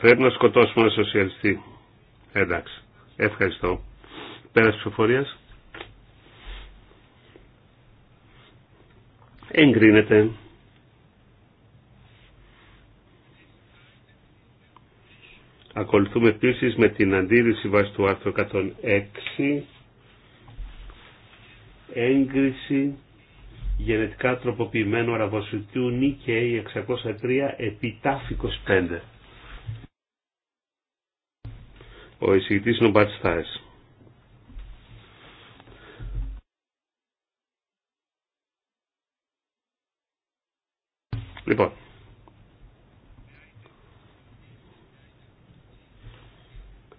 Πρέπει να σκοτώσουμε ένα σοσιαλιστή. Εντάξει. Ευχαριστώ. Πέρα ψηφοφορία. Εγκρίνεται. Ακολουθούμε επίση με την αντίρρηση βάσει του άρθρου 106 έγκριση γενετικά τροποποιημένου αραβοσιτού νίκαιη 603 επιτάφη 25. Ο εισηγητής είναι ο Μπάτς Θάες. Λοιπόν,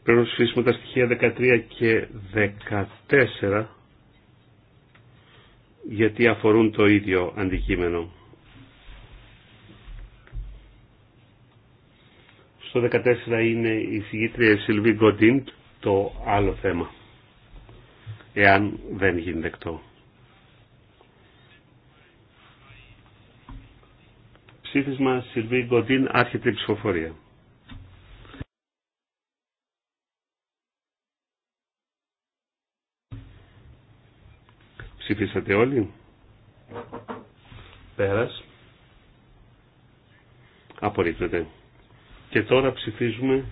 πρέπει να ψηφίσουμε τα στοιχεία 13 και 14 γιατί αφορούν το ίδιο αντικείμενο. Στο 14 είναι η συγγήτρια Σιλβί Γκοντίν το άλλο θέμα. Εάν δεν γίνει δεκτό. Ψήφισμα Σιλβί Γκοντίν άρχεται η ψηφοφορία. Ψηφίσατε όλοι. Πέρας. Απορρίπτεται. Και τώρα ψηφίζουμε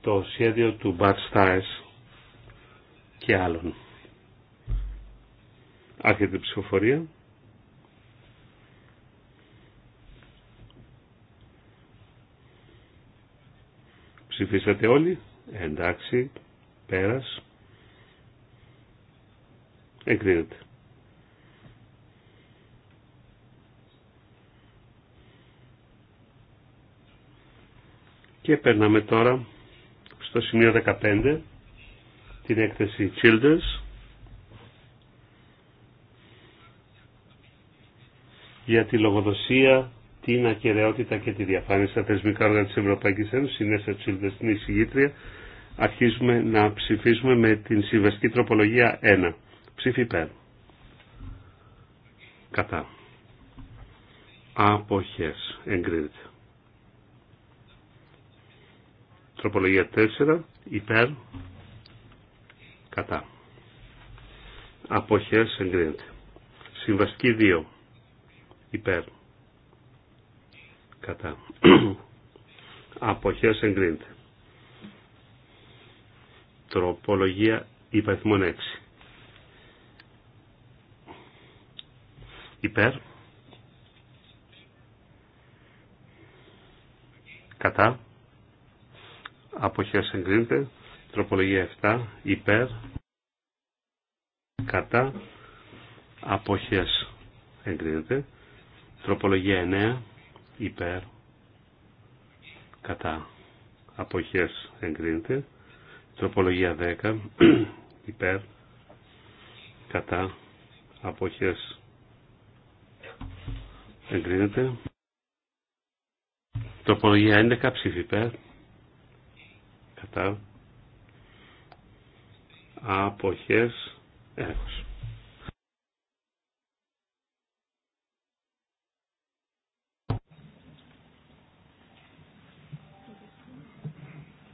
το σχέδιο του Bart Stiles και άλλων. Άρχεται η ψηφοφορία. Ψηφίσατε όλοι. Εντάξει. Πέρας. Εγκρίνεται. Και περνάμε τώρα στο σημείο 15, την έκθεση Childers, για τη λογοδοσία, την ακεραιότητα και τη διαφάνεια στα θεσμικά όργανα της Ευρωπαϊκής Ένωσης. Η Νέσσα Childers είναι η Αρχίζουμε να ψηφίσουμε με την συμβαστική τροπολογία 1. Ψήφι υπέρ. Κατά. Αποχές. Εγκρίνεται. Τροπολογία 4 υπέρ κατά. Αποχές εγκρίνεται. Συμβαστική 2 υπέρ κατά. Αποχές εγκρίνεται. Τροπολογία υπαριθμών 6. Υπέρ. Κατά αποχές εγκρίνεται. Τροπολογία 7 υπέρ κατά αποχές εγκρίνεται. Τροπολογία 9 υπέρ κατά αποχές εγκρίνεται. Τροπολογία 10 υπέρ κατά αποχές εγκρίνεται. Τροπολογία 11 ψήφι υπέρ κατά αποχές έλεγχος.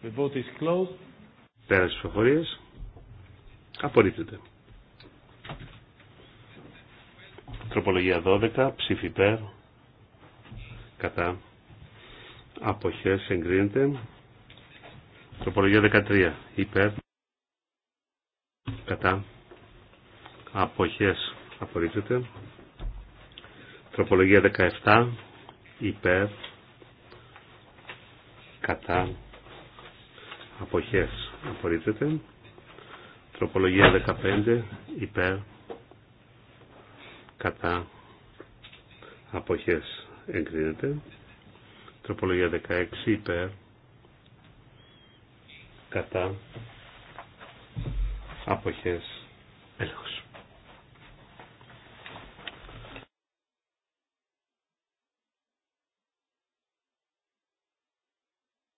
The vote is closed. Απορρίπτεται. Τροπολογία 12. Ψήφι υπέρ. Κατά. Αποχές εγκρίνεται. Τροπολογία 13. Υπέρ. Κατά. Αποχές. Απορρίπτεται. Τροπολογία 17. Υπέρ. Κατά. Αποχές. Απορρίπτεται. Τροπολογία 15. Υπέρ. Κατά. Αποχές. Εγκρίνεται. Τροπολογία 16. Υπέρ κατά αποχές έλεγχος.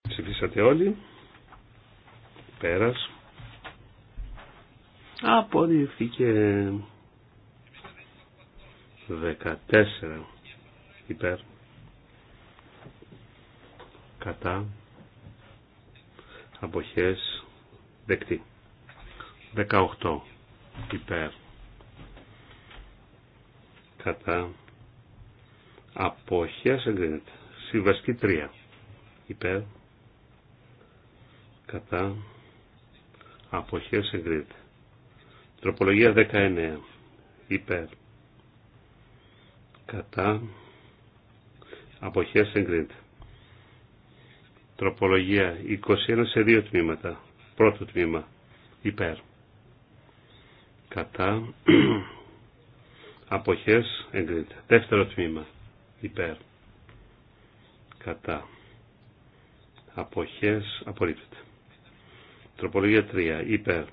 Ψηφίσατε όλοι. Πέρας. Απορριφθήκε 14 υπέρ κατά αποχές δεκτή 18 υπέρ κατά αποχές εγκρίνεται συμβαστική 3 υπέρ κατά αποχές εγκρίνεται τροπολογία 19 υπέρ κατά αποχές εγκρίνεται Τροπολογία 21 σε δύο τμήματα. Πρώτο τμήμα υπέρ. Κατά αποχές εγκρίνεται. Δεύτερο τμήμα υπέρ. Κατά αποχές απορρίπτεται. Τροπολογία 3 υπέρ.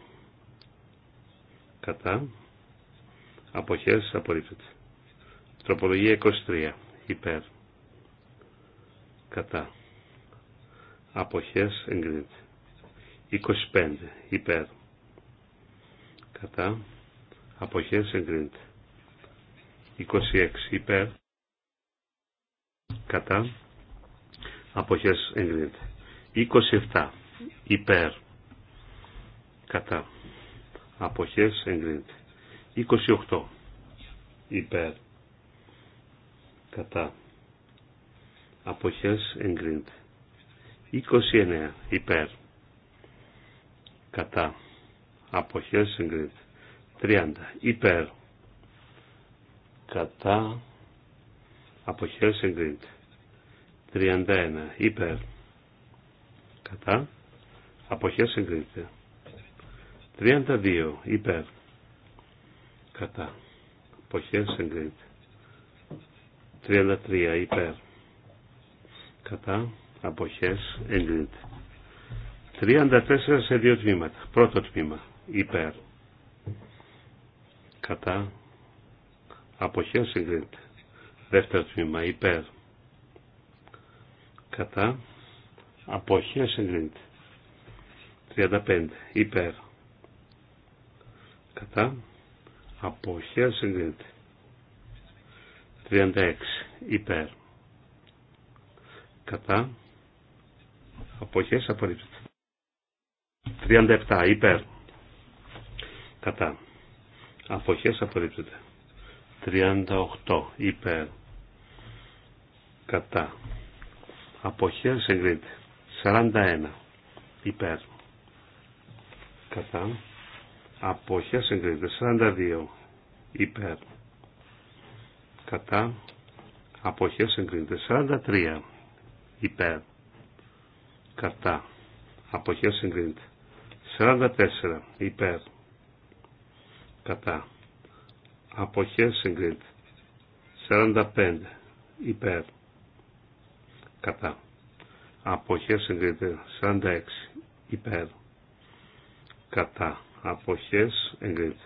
Κατά αποχές απορρίπτεται. Τροπολογία 23 υπέρ. Κατά αποχές εγκρίνεται. 25 υπέρ κατά αποχές εγκρίνεται. 26 υπέρ κατά αποχές εγκρίνεται. 27 υπέρ κατά αποχές εγκρίνεται. 28 υπέρ κατά αποχές εγκρίνεται. 29 υπέρ κατά αποχές εγκρίνεται 30 υπέρ κατά αποχές εγκρίνεται 31 υπέρ κατά αποχές εγκρίνεται 32 υπέρ κατά αποχές εγκρίνεται 33 υπέρ κατά αποχές εγκρίνεται. 34 σε δύο τμήματα. Πρώτο τμήμα υπέρ κατά αποχές εγκρίνεται. Δεύτερο τμήμα υπέρ κατά αποχές εγκρίνεται. 35 υπέρ κατά αποχές εγκρίνεται. 36 υπέρ κατά αποχές απορρίπτεται. 37 υπέρ κατά αποχές απορρίπτεται. 38 υπέρ κατά αποχές εγκρίνεται. 41 υπέρ κατά αποχές εγκρίνεται. 42 υπέρ κατά αποχές εγκρίνεται. 43 υπέρ κατά αποχές εγκρίνεται 44 υπέρ κατά αποχές εγκρίνεται 45 υπέρ κατά αποχές εγκρίνεται 46 υπέρ κατά αποχές εγκρίνεται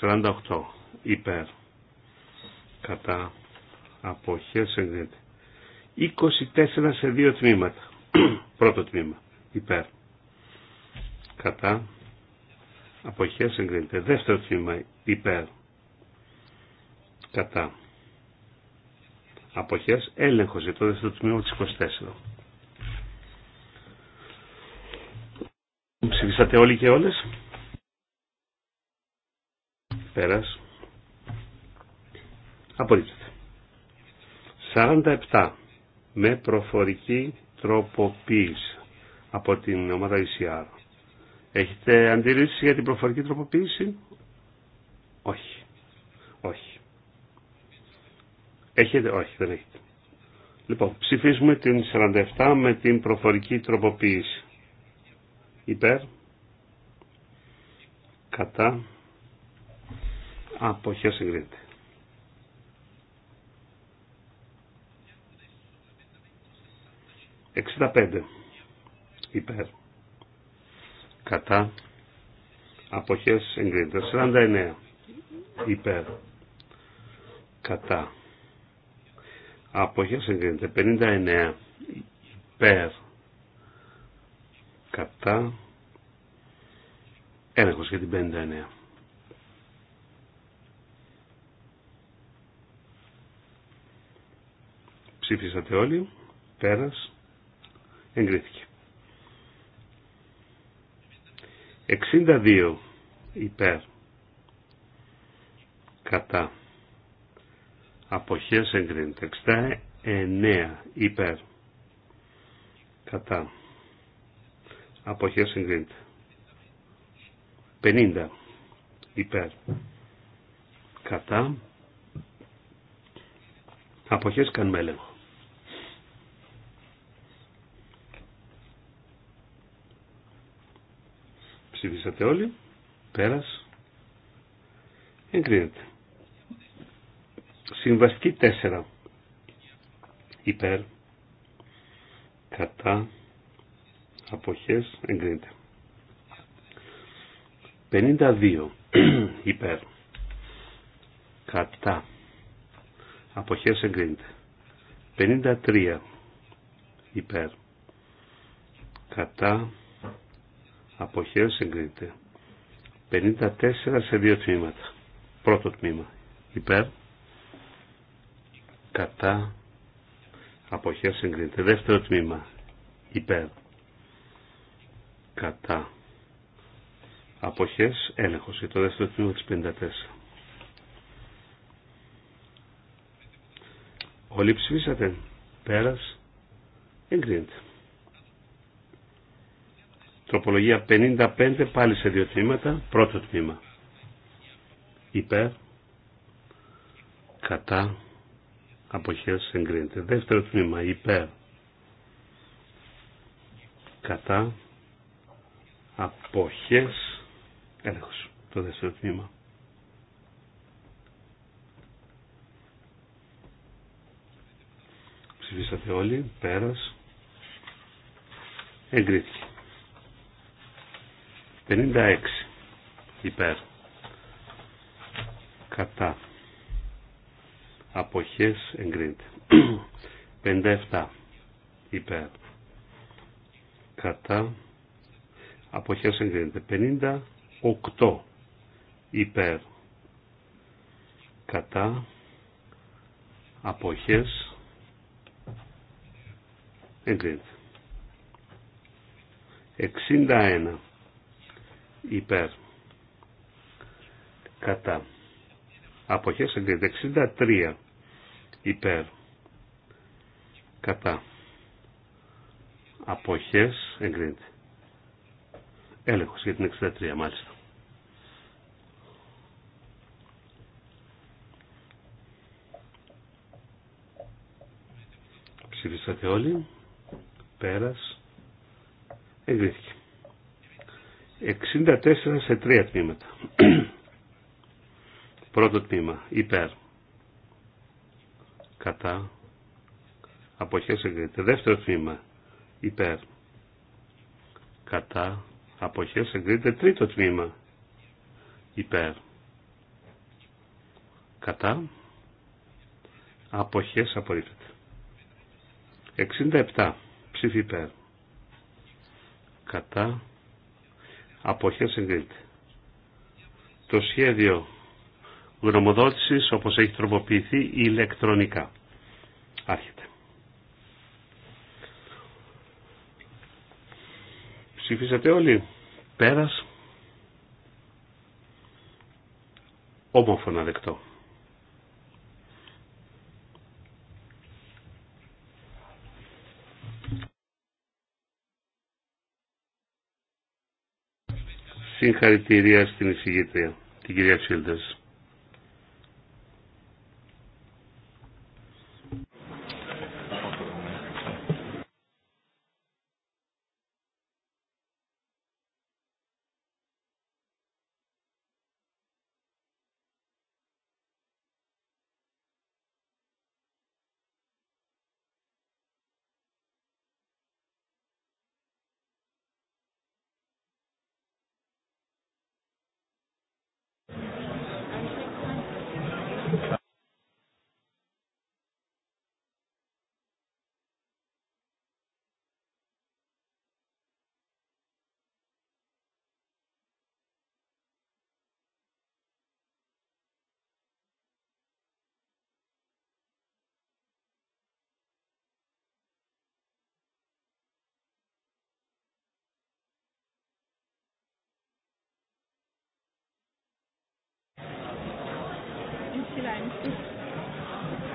48 υπέρ κατά αποχές εγκρίνεται 24 σε δύο τμήματα Πρώτο τμήμα. Υπέρ. Κατά. Αποχές εγκρίνεται. Δεύτερο τμήμα. Υπέρ. Κατά. Αποχές έλεγχος για το δεύτερο τμήμα τη 24. Ψηφίσατε όλοι και όλες. Πέρας. Απορρίπτεται. 47 με προφορική τροποποίηση από την ομάδα ECR. Έχετε αντίληψη για την προφορική τροποποίηση? Όχι. Όχι. Έχετε? Όχι, δεν έχετε. Λοιπόν, ψηφίζουμε την 47 με την προφορική τροποποίηση. Υπέρ. Κατά. Αποχές συγκρίνεται. 65 υπέρ κατά αποχές εγκρίνεται 49 υπέρ κατά αποχές εγκρίνεται 59 υπέρ κατά έλεγχος για την 59 ψήφισατε όλοι πέρας εγκρίθηκε. 62 υπέρ κατά αποχές εγκρίνεται. 69 υπέρ κατά αποχές εγκρίνεται. 50 υπέρ κατά αποχές κάνουμε έλεγχο. Ψηφίσατε όλοι. Πέρας. Εγκρίνεται. Συμβαστική 4. Υπέρ. Κατά. Αποχές. Εγκρίνεται. 52. Υπέρ. Κατά. Αποχές εγκρίνεται. 53. Υπέρ. Κατά αποχές εγκρίνεται. 54 σε δύο τμήματα. Πρώτο τμήμα υπέρ, κατά, αποχές εγκρίνεται. Δεύτερο τμήμα υπέρ, κατά, αποχές έλεγχος Και το δεύτερο τμήμα της 54. Όλοι ψηφίσατε. Πέρας. Εγκρίνεται. Τροπολογία 55 πάλι σε δύο τμήματα. Πρώτο τμήμα. Υπέρ. Κατά. Αποχές εγκρίνεται. Δεύτερο τμήμα. Υπέρ. Κατά. Αποχές. Έλεγχος. Το δεύτερο τμήμα. Ψηφίσατε όλοι. Πέρας. Εγκρίθηκε. 56 υπέρ κατά αποχές εγκρίνεται 57 υπέρ κατά αποχές εγκρίνεται 58 υπέρ κατά αποχές εγκρίνεται 61 υπέρ κατά αποχές εγκρίνεται 63 υπέρ κατά αποχές εγκρίνεται έλεγχος για την 63 μάλιστα ψηφίσατε όλοι πέρας εγκρίθηκε 64 σε 3 τμήματα. Πρώτο τμήμα, υπέρ. Κατά. Αποχές εγκρίνεται. Δεύτερο τμήμα, υπέρ. Κατά. Αποχές εγκρίνεται. Τρίτο τμήμα, υπέρ. Κατά. Αποχές απορρίπτεται. 67. Ψήφι υπέρ. Κατά Αποχές εγκρίνεται. Το σχέδιο γνωμοδότησης όπως έχει τροποποιηθεί ηλεκτρονικά. Άρχεται. Ψήφισατε όλοι. Πέρας. Όμορφο να δεκτώ. Συγχαρητήρια στην εισηγήτρια, την κυρία Τσίλντες.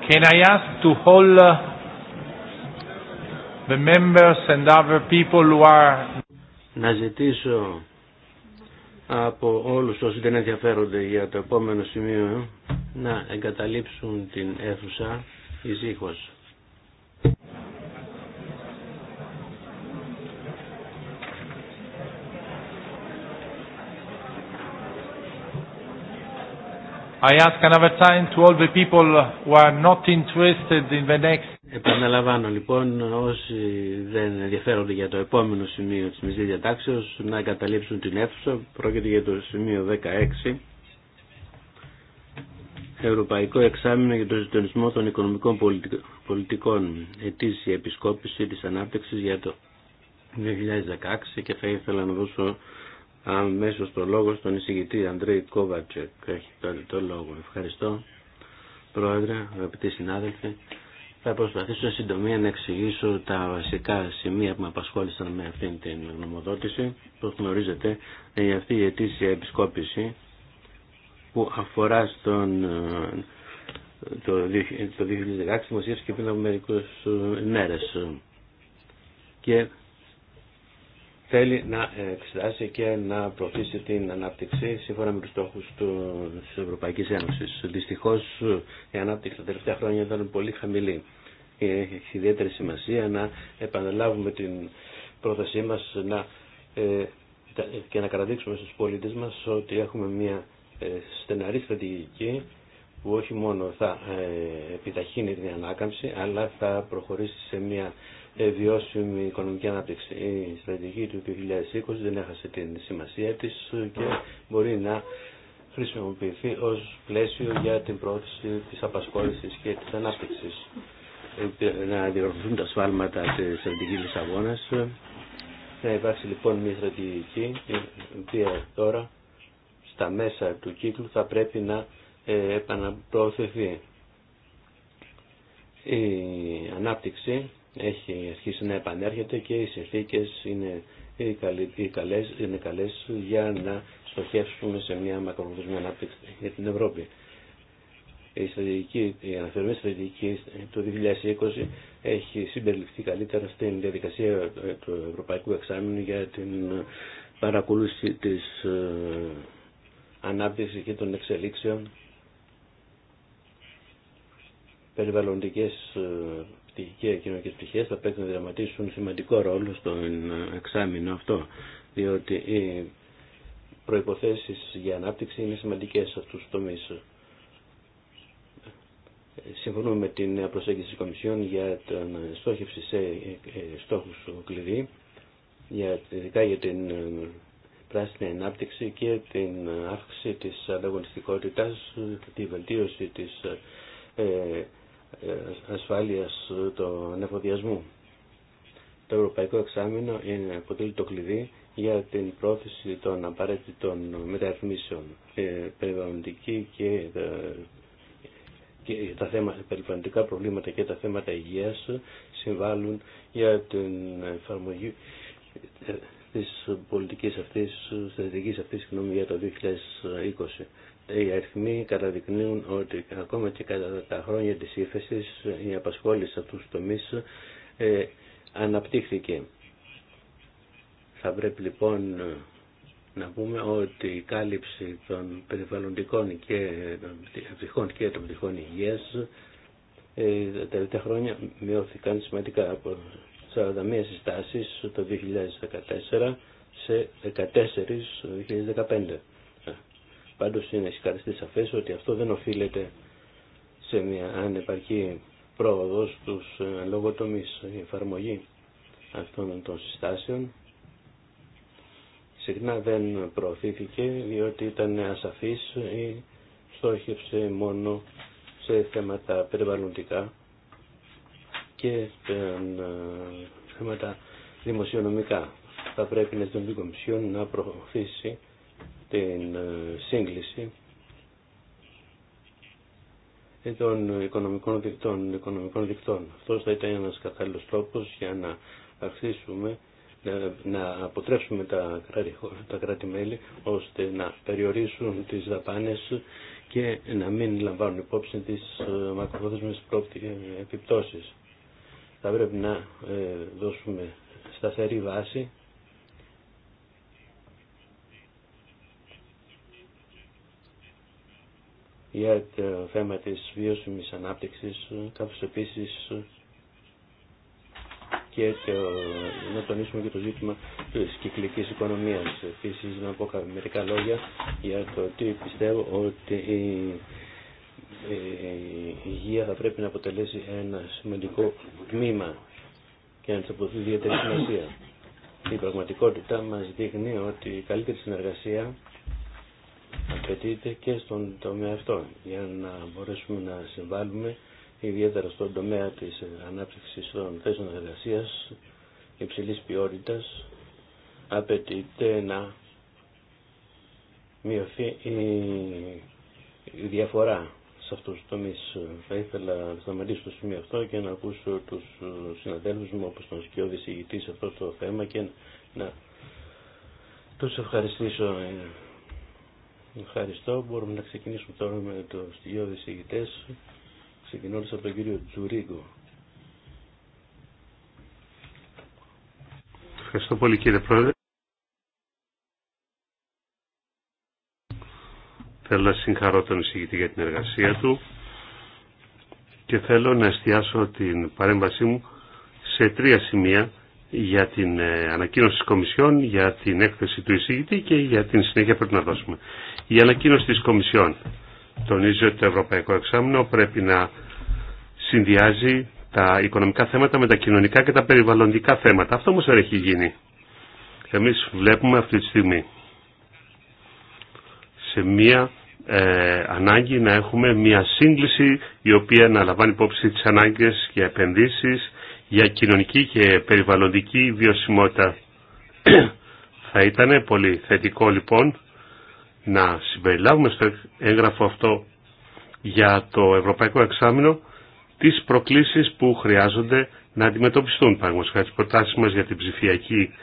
Can I ask to all uh, the members and other people who are... Να ζητήσω από όλους όσοι δεν ενδιαφέρονται για το επόμενο σημείο να εγκαταλείψουν την αίθουσα ησύχως. I ask another time to all the people who are not interested in the next. Επαναλαμβάνω λοιπόν όσοι δεν ενδιαφέρονται για το επόμενο σημείο της μισής διατάξεως να εγκαταλείψουν την αίθουσα. Πρόκειται για το σημείο 16. Ευρωπαϊκό Εξάμεινο για τον Συντονισμό των Οικονομικών Πολιτικών. Ετήσια Επισκόπηση της Ανάπτυξης για το 2016 και θα ήθελα να δώσω αμέσως το λόγο στον εισηγητή Αντρέη Κόβατσεκ. Έχει το λόγο. Ευχαριστώ. Πρόεδρε, αγαπητοί συνάδελφοι, θα προσπαθήσω συντομία να εξηγήσω τα βασικά σημεία που με απασχόλησαν με αυτήν την γνωμοδότηση. Όπω γνωρίζετε, Για αυτή η ετήσια επισκόπηση που αφορά στον, το, το 2016 δημοσίευσε και πριν από μερικού ε, μέρε. Και θέλει να εξετάσει και να προωθήσει την ανάπτυξη σύμφωνα με τους στόχους της Ευρωπαϊκής Ένωσης. Δυστυχώς η ανάπτυξη τα τελευταία χρόνια ήταν πολύ χαμηλή. Έχει ιδιαίτερη σημασία να επαναλάβουμε την πρότασή μας να, ε, και να καταδείξουμε στους πολίτες μας ότι έχουμε μια ε, στεναρή στρατηγική που όχι μόνο θα ε, επιταχύνει την ανάκαμψη αλλά θα προχωρήσει σε μια ε, βιώσιμη οικονομική ανάπτυξη. Η στρατηγική του 2020 δεν έχασε την σημασία της και μπορεί να χρησιμοποιηθεί ως πλαίσιο για την πρόθεση της απασχόλησης και της ανάπτυξης. Ε, να διορθωθούν τα σφάλματα της στρατηγικής αγώνας. Να υπάρξει λοιπόν μια στρατηγική η οποία τώρα στα μέσα του κύκλου θα πρέπει να ε, επαναπροωθηθεί. Η ανάπτυξη έχει αρχίσει να επανέρχεται και οι συνθήκε είναι, καλέ είναι καλές για να στοχεύσουμε σε μια μακροπρόθεσμη ανάπτυξη για την Ευρώπη. Η, στρατηγική, η αναφερμένη στρατηγική του 2020 έχει συμπεριληφθεί καλύτερα στην διαδικασία του Ευρωπαϊκού Εξάμεινου για την παρακολούθηση της ε, ανάπτυξης και των εξελίξεων περιβαλλοντικές ε, και κοινωνικέ πτυχέ θα πρέπει να δραματίσουν σημαντικό ρόλο στον εξάμεινο αυτό, διότι οι προποθέσει για ανάπτυξη είναι σημαντικέ σε αυτούς τους τομείς. Συμφωνούμε με την νέα προσέγγιση της Κομισιόν για την στόχευση σε στόχους κλειδί, για, ειδικά για την πράσινη ανάπτυξη και την αύξηση της ανταγωνιστικότητας, τη βελτίωση της ε, ε, ασφάλεια ε, των εφοδιασμού. Το Ευρωπαϊκό Εξάμεινο είναι αποτελεί το κλειδί για την πρόθεση των απαραίτητων μεταρρυθμίσεων ε, περιβαλλοντική και, και τα θέματα, περιβαλλοντικά προβλήματα και τα θέματα υγείας συμβάλλουν για την εφαρμογή της πολιτικής αυτής, στρατηγικής αυτής συγγνώμη, για το 2020 οι αριθμοί καταδεικνύουν ότι ακόμα και κατά τα χρόνια της ύφεση η απασχόληση σε αυτούς τους τομείς ε, αναπτύχθηκε. Θα πρέπει λοιπόν να πούμε ότι η κάλυψη των περιβαλλοντικών και των και των πτυχών υγείας ε, τα τελευταία χρόνια μειώθηκαν σημαντικά από 41 συστάσεις το 2014 σε 14 το 2015. Πάντω είναι συγκαριστή σαφέ ότι αυτό δεν οφείλεται σε μια ανεπαρκή πρόοδο τους ε, λογοτομείς. Η εφαρμογή αυτών των συστάσεων συχνά δεν προωθήθηκε διότι ήταν ασαφής ή στόχευσε μόνο σε θέματα περιβαλλοντικά και ε, ε, θέματα δημοσιονομικά. Θα πρέπει να στην Κομισιόν να προωθήσει την ε, σύγκληση ε, των οικονομικών δικτών. Οικονομικών δικτών. Αυτός θα ήταν ένας κατάλληλος τρόπος για να αρχίσουμε ε, να αποτρέψουμε τα, τα κράτη-μέλη ώστε να περιορίσουν τις δαπάνες και να μην λαμβάνουν υπόψη τις μακροπρόθεσμες επιπτώσεις. Θα πρέπει να δώσουμε σταθερή βάση για το θέμα της βιώσιμης ανάπτυξης, καθώς επίσης και το, να τονίσουμε και το ζήτημα της κυκλικής οικονομίας. Επίσης να πω μερικά λόγια για το ότι πιστεύω ότι η, η υγεία θα πρέπει να αποτελέσει ένα σημαντικό τμήμα και να της αποδοθεί ιδιαίτερη σημασία. Η πραγματικότητα μας δείχνει ότι η καλύτερη συνεργασία απαιτείται και στον τομέα αυτό για να μπορέσουμε να συμβάλλουμε ιδιαίτερα στον τομέα της ε, ανάπτυξης των θέσεων και υψηλής ποιότητας απαιτείται να μειωθεί η διαφορά σε αυτούς τους τομείς. Θα ήθελα να σταματήσω το σημείο αυτό και να ακούσω τους ε, συναδέλφους μου όπως τον Σκιώδη Συγητή σε αυτό το θέμα και να τους ευχαριστήσω ε, Ευχαριστώ. Μπορούμε να ξεκινήσουμε τώρα με το στοιχείο ηγητές, ξεκινώντας από τον κύριο Τζουρίγκο. Ευχαριστώ πολύ κύριε Πρόεδρε. Θέλω να συγχαρώ τον εισηγητή για την εργασία του και θέλω να εστιάσω την παρέμβασή μου σε τρία σημεία για την ε, ανακοίνωση της Κομισιόν, για την έκθεση του εισηγητή και για την συνέχεια πρέπει να δώσουμε. Η ανακοίνωση της Κομισιόν τονίζει ότι το Ευρωπαϊκό Εξάμεινο πρέπει να συνδυάζει τα οικονομικά θέματα με τα κοινωνικά και τα περιβαλλοντικά θέματα. Αυτό όμως δεν έχει γίνει. Εμείς βλέπουμε αυτή τη στιγμή σε μία ε, ανάγκη να έχουμε μία σύγκληση η οποία να λαμβάνει υπόψη τις ανάγκες για επενδύσεις, για κοινωνική και περιβαλλοντική βιωσιμότητα. Θα ήταν πολύ θετικό λοιπόν να συμπεριλάβουμε στο έγγραφο αυτό για το Ευρωπαϊκό Εξάμεινο τις προκλήσεις που χρειάζονται να αντιμετωπιστούν. χάρη τις προτάσεις μας για την ψηφιακή,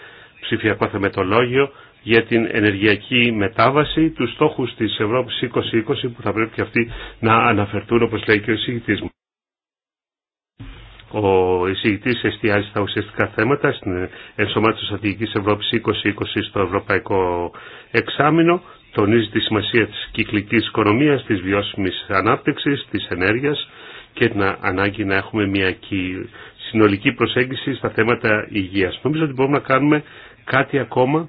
ψηφιακό θεμετολόγιο, για την ενεργειακή μετάβαση, τους στόχους της Ευρώπης 2020 που θα πρέπει και αυτοί να αναφερθούν όπως λέει και ο εισηγητής μου. Ο εισηγητή εστιάζει στα ουσιαστικά θέματα στην ενσωμάτωση στρατηγική Ευρώπη 2020 στο Ευρωπαϊκό Εξάμεινο. Τονίζει τη σημασία τη κυκλική οικονομία, τη βιώσιμη ανάπτυξη, τη ενέργεια και την ανάγκη να έχουμε μια συνολική προσέγγιση στα θέματα υγεία. Νομίζω ότι μπορούμε να κάνουμε κάτι ακόμα.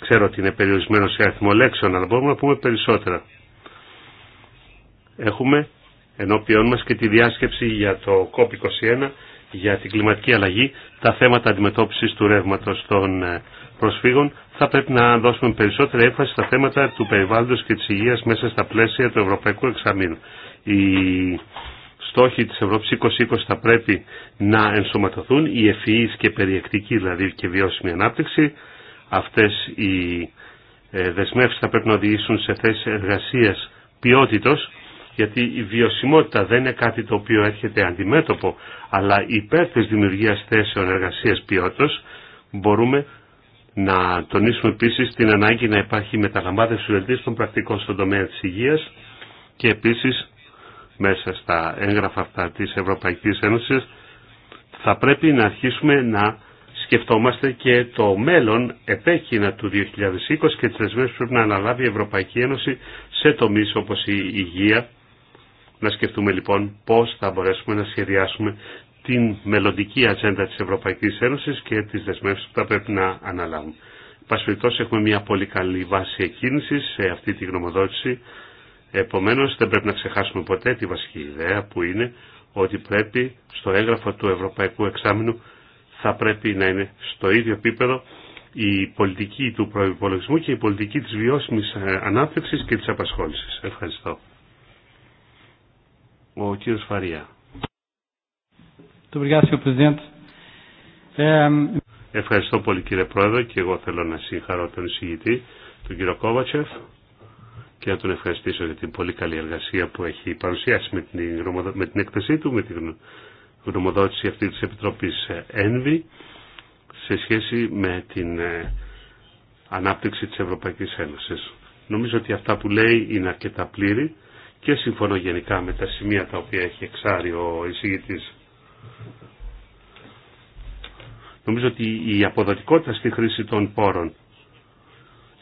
Ξέρω ότι είναι περιορισμένο σε αριθμό λέξεων, αλλά μπορούμε να πούμε περισσότερα. Έχουμε ενώπιόν μας και τη διάσκεψη για το COP21 για την κλιματική αλλαγή, τα θέματα αντιμετώπισης του ρεύματος των ε, προσφύγων. Θα πρέπει να δώσουμε περισσότερη έμφαση στα θέματα του περιβάλλοντος και της υγείας μέσα στα πλαίσια του Ευρωπαϊκού Εξαμήνου. Οι στόχοι της Ευρώπης 2020 θα πρέπει να ενσωματωθούν, η ευφυής και περιεκτική δηλαδή και βιώσιμη ανάπτυξη. Αυτές οι ε, δεσμεύσεις θα πρέπει να οδηγήσουν σε θέσεις εργασία ποιότητος γιατί η βιωσιμότητα δεν είναι κάτι το οποίο έρχεται αντιμέτωπο, αλλά υπέρ της δημιουργίας θέσεων εργασίας ποιότητας μπορούμε να τονίσουμε επίσης την ανάγκη να υπάρχει μεταλαμβάνευση των πρακτικών στον τομέα της υγείας και επίσης μέσα στα έγγραφα αυτά της Ευρωπαϊκής Ένωσης θα πρέπει να αρχίσουμε να σκεφτόμαστε και το μέλλον επέκεινα του 2020 και τις δεσμεύσεις που πρέπει να αναλάβει η Ευρωπαϊκή Ένωση σε τομείς όπως η υγεία να σκεφτούμε λοιπόν πώς θα μπορέσουμε να σχεδιάσουμε την μελλοντική ατζέντα της Ευρωπαϊκής Ένωσης και τις δεσμεύσεις που θα πρέπει να αναλάβουμε. Πασφυρτός έχουμε μια πολύ καλή βάση εκκίνησης σε αυτή τη γνωμοδότηση. Επομένως δεν πρέπει να ξεχάσουμε ποτέ τη βασική ιδέα που είναι ότι πρέπει στο έγγραφο του Ευρωπαϊκού Εξάμεινου θα πρέπει να είναι στο ίδιο επίπεδο η πολιτική του προϋπολογισμού και η πολιτική της βιώσιμης ε, ανάπτυξης και της απασχόλησης. Ευχαριστώ. Ο κύριο Φαρία. Ehm, Ευχαριστώ πολύ κύριε Πρόεδρε και εγώ θέλω να συγχαρώ τον εισηγητή, τον κύριο Κόβατσεφ και να τον ευχαριστήσω για την πολύ καλή εργασία που έχει παρουσιάσει με την, με την έκθεσή του, με την γνωμοδότηση αυτή της Επιτροπής ΕΝΒΗ σε σχέση με την ε, ανάπτυξη της Ευρωπαϊκής Ένωσης. Νομίζω ότι αυτά που λέει είναι αρκετά πλήρη και συμφωνώ γενικά με τα σημεία τα οποία έχει εξάρει ο εισηγητής. Νομίζω ότι η αποδοτικότητα στη χρήση των πόρων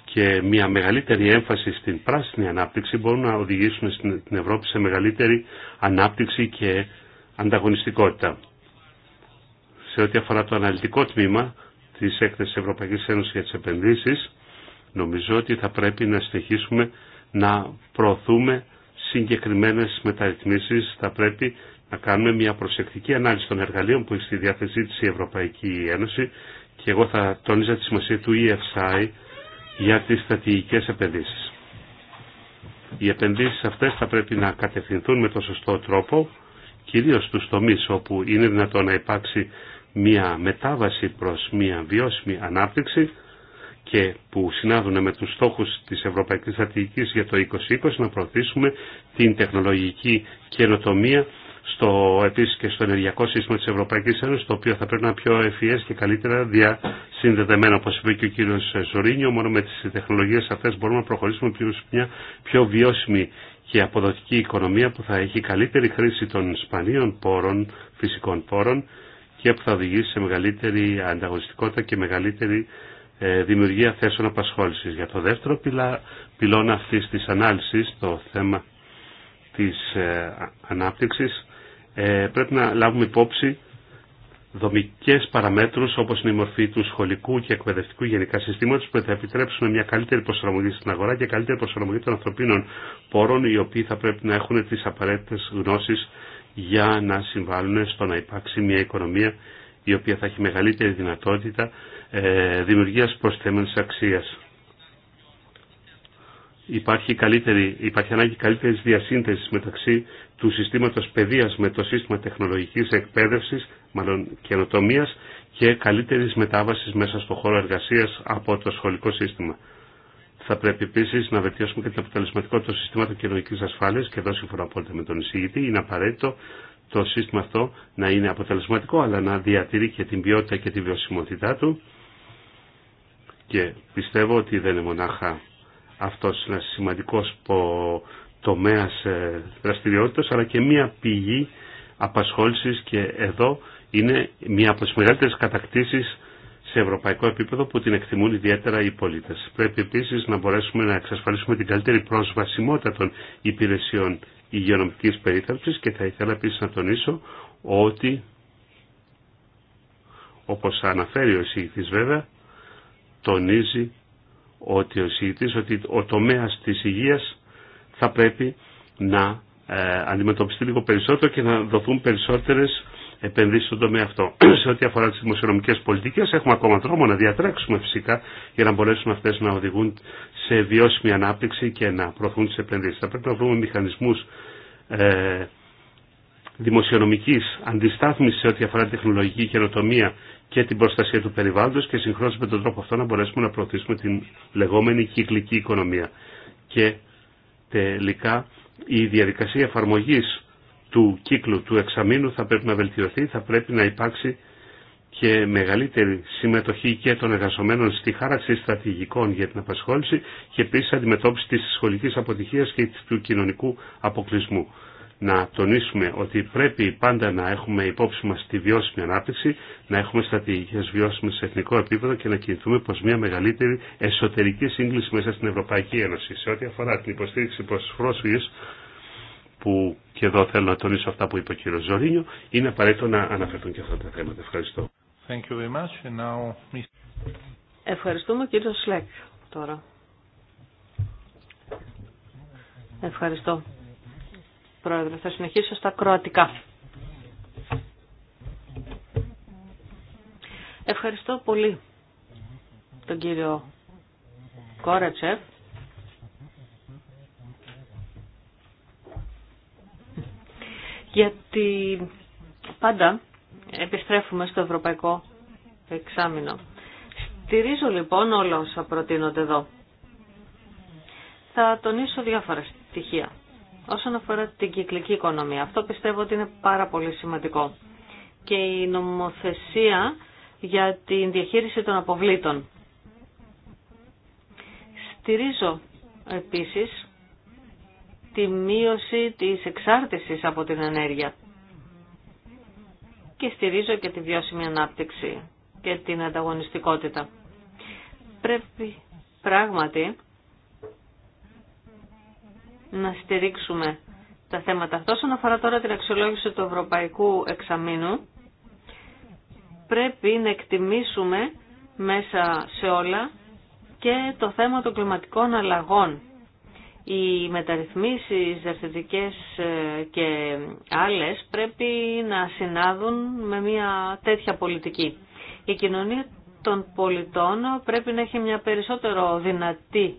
και μια μεγαλύτερη έμφαση στην πράσινη ανάπτυξη μπορούν να οδηγήσουν την Ευρώπη σε μεγαλύτερη ανάπτυξη και ανταγωνιστικότητα. Σε ό,τι αφορά το αναλυτικό τμήμα της έκθεσης Ευρωπαϊκής Ένωσης για τις επενδύσεις, νομίζω ότι θα πρέπει να συνεχίσουμε να προωθούμε συγκεκριμένες μεταρρυθμίσεις θα πρέπει να κάνουμε μια προσεκτική ανάλυση των εργαλείων που έχει στη διάθεσή της η Ευρωπαϊκή Ένωση και εγώ θα τονίζω τη σημασία του EFSI για τις στρατηγικές επενδύσεις. Οι επενδύσεις αυτές θα πρέπει να κατευθυνθούν με τον σωστό τρόπο, κυρίως στους τομείς όπου είναι δυνατό να υπάρξει μια μετάβαση προς μια βιώσιμη ανάπτυξη και που συνάδουν με τους στόχους της Ευρωπαϊκής Στρατηγικής για το 2020 να προωθήσουμε την τεχνολογική καινοτομία στο, επίσης και στο ενεργειακό σύστημα της Ευρωπαϊκής Ένωσης, το οποίο θα πρέπει να πιο ευφυές και καλύτερα διασυνδεδεμένο, όπως είπε και ο κύριος Ζωρίνιο, μόνο με τις τεχνολογίες αυτές μπορούμε να προχωρήσουμε πιο μια πιο βιώσιμη και αποδοτική οικονομία που θα έχει καλύτερη χρήση των σπανίων πόρων, φυσικών πόρων και που θα οδηγήσει σε μεγαλύτερη ανταγωνιστικότητα και μεγαλύτερη ε, δημιουργία θέσεων απασχόλησης. Για το δεύτερο πυλώνα αυτής της ανάλυσης, το θέμα της ε, ανάπτυξης, ε, πρέπει να λάβουμε υπόψη δομικές παραμέτρους όπως είναι η μορφή του σχολικού και εκπαιδευτικού γενικά συστήματος που θα επιτρέψουν μια καλύτερη προσαρμογή στην αγορά και καλύτερη προσαρμογή των ανθρωπίνων πόρων οι οποίοι θα πρέπει να έχουν τις απαραίτητες γνώσεις για να συμβάλλουν στο να υπάρξει μια οικονομία η οποία θα έχει μεγαλύτερη δυνατότητα ε, δημιουργίας προσθέμενης αξίας. Υπάρχει, καλύτερη, υπάρχει ανάγκη καλύτερης διασύνθεσης μεταξύ του συστήματος παιδείας με το σύστημα τεχνολογικής εκπαίδευσης, μάλλον καινοτομίας, και καλύτερης μετάβασης μέσα στο χώρο εργασίας από το σχολικό σύστημα. Θα πρέπει επίση να βελτιώσουμε και την αποτελεσματικότητα του συστήματο κοινωνική ασφάλεια και εδώ συμφωνώ απόλυτα με τον εισηγητή. Είναι απαραίτητο το σύστημα αυτό να είναι αποτελεσματικό αλλά να διατηρεί και την ποιότητα και τη βιωσιμότητά του. Και πιστεύω ότι δεν είναι μονάχα αυτός ένα σημαντικός τομέας ε, δραστηριότητας, αλλά και μία πηγή απασχόλησης και εδώ είναι μία από τις μεγαλύτερες κατακτήσεις σε ευρωπαϊκό επίπεδο που την εκτιμούν ιδιαίτερα οι πολίτε. Πρέπει επίση να μπορέσουμε να εξασφαλίσουμε την καλύτερη πρόσβασιμότητα των υπηρεσιών υγειονομική περίθαλψη και θα ήθελα επίση να τονίσω ότι, όπως αναφέρει ο εισηγητής βέβαια, τονίζει ότι ο συγητής, ότι ο τομέας της υγείας θα πρέπει να ε, αντιμετωπιστεί λίγο περισσότερο και να δοθούν περισσότερες επενδύσεις στον τομέα αυτό. σε ό,τι αφορά τι δημοσιονομικέ πολιτικέ, έχουμε ακόμα τρόμο να διατρέξουμε φυσικά για να μπορέσουν αυτές να οδηγούν σε βιώσιμη ανάπτυξη και να προωθούν τι επενδύσει. Θα πρέπει να βρούμε μηχανισμούς ε, δημοσιονομική αντιστάθμιση σε ό,τι αφορά τεχνολογική καινοτομία και την προστασία του περιβάλλοντος και συγχρόνως με τον τρόπο αυτό να μπορέσουμε να προωθήσουμε την λεγόμενη κυκλική οικονομία. Και τελικά η διαδικασία εφαρμογής του κύκλου του εξαμήνου θα πρέπει να βελτιωθεί, θα πρέπει να υπάρξει και μεγαλύτερη συμμετοχή και των εργαζομένων στη χάραξη στρατηγικών για την απασχόληση και επίση αντιμετώπιση τη σχολική αποτυχία και του κοινωνικού αποκλεισμού να τονίσουμε ότι πρέπει πάντα να έχουμε υπόψη μας τη βιώσιμη ανάπτυξη, να έχουμε στρατηγικές βιώσιμες σε εθνικό επίπεδο και να κινηθούμε προς μια μεγαλύτερη εσωτερική σύγκληση μέσα στην Ευρωπαϊκή Ένωση. Σε ό,τι αφορά την υποστήριξη προς τους που και εδώ θέλω να τονίσω αυτά που είπε ο κ. Ζωρίνιο, είναι απαραίτητο να αναφερθούν και αυτά τα θέματα. Ευχαριστώ. Thank you very much. Ευχαριστούμε κ. Σλέκ τώρα. Ευχαριστώ. Πρόεδρε. Θα συνεχίσω στα κροατικά. Ευχαριστώ πολύ τον κύριο Κόρατσεφ γιατί πάντα επιστρέφουμε στο ευρωπαϊκό εξάμεινο. Στηρίζω λοιπόν όλα όσα προτείνονται εδώ. Θα τονίσω διάφορα στοιχεία όσον αφορά την κυκλική οικονομία. Αυτό πιστεύω ότι είναι πάρα πολύ σημαντικό. Και η νομοθεσία για την διαχείριση των αποβλήτων. Στηρίζω επίσης τη μείωση της εξάρτησης από την ενέργεια και στηρίζω και τη βιώσιμη ανάπτυξη και την ανταγωνιστικότητα. Πρέπει πράγματι να στηρίξουμε τα θέματα αυτά. Όσον αφορά τώρα την αξιολόγηση του Ευρωπαϊκού Εξαμήνου, πρέπει να εκτιμήσουμε μέσα σε όλα και το θέμα των κλιματικών αλλαγών. Οι μεταρρυθμίσεις δευθυντικές ε, και άλλες πρέπει να συνάδουν με μια τέτοια πολιτική. Η κοινωνία των πολιτών πρέπει να έχει μια περισσότερο δυνατή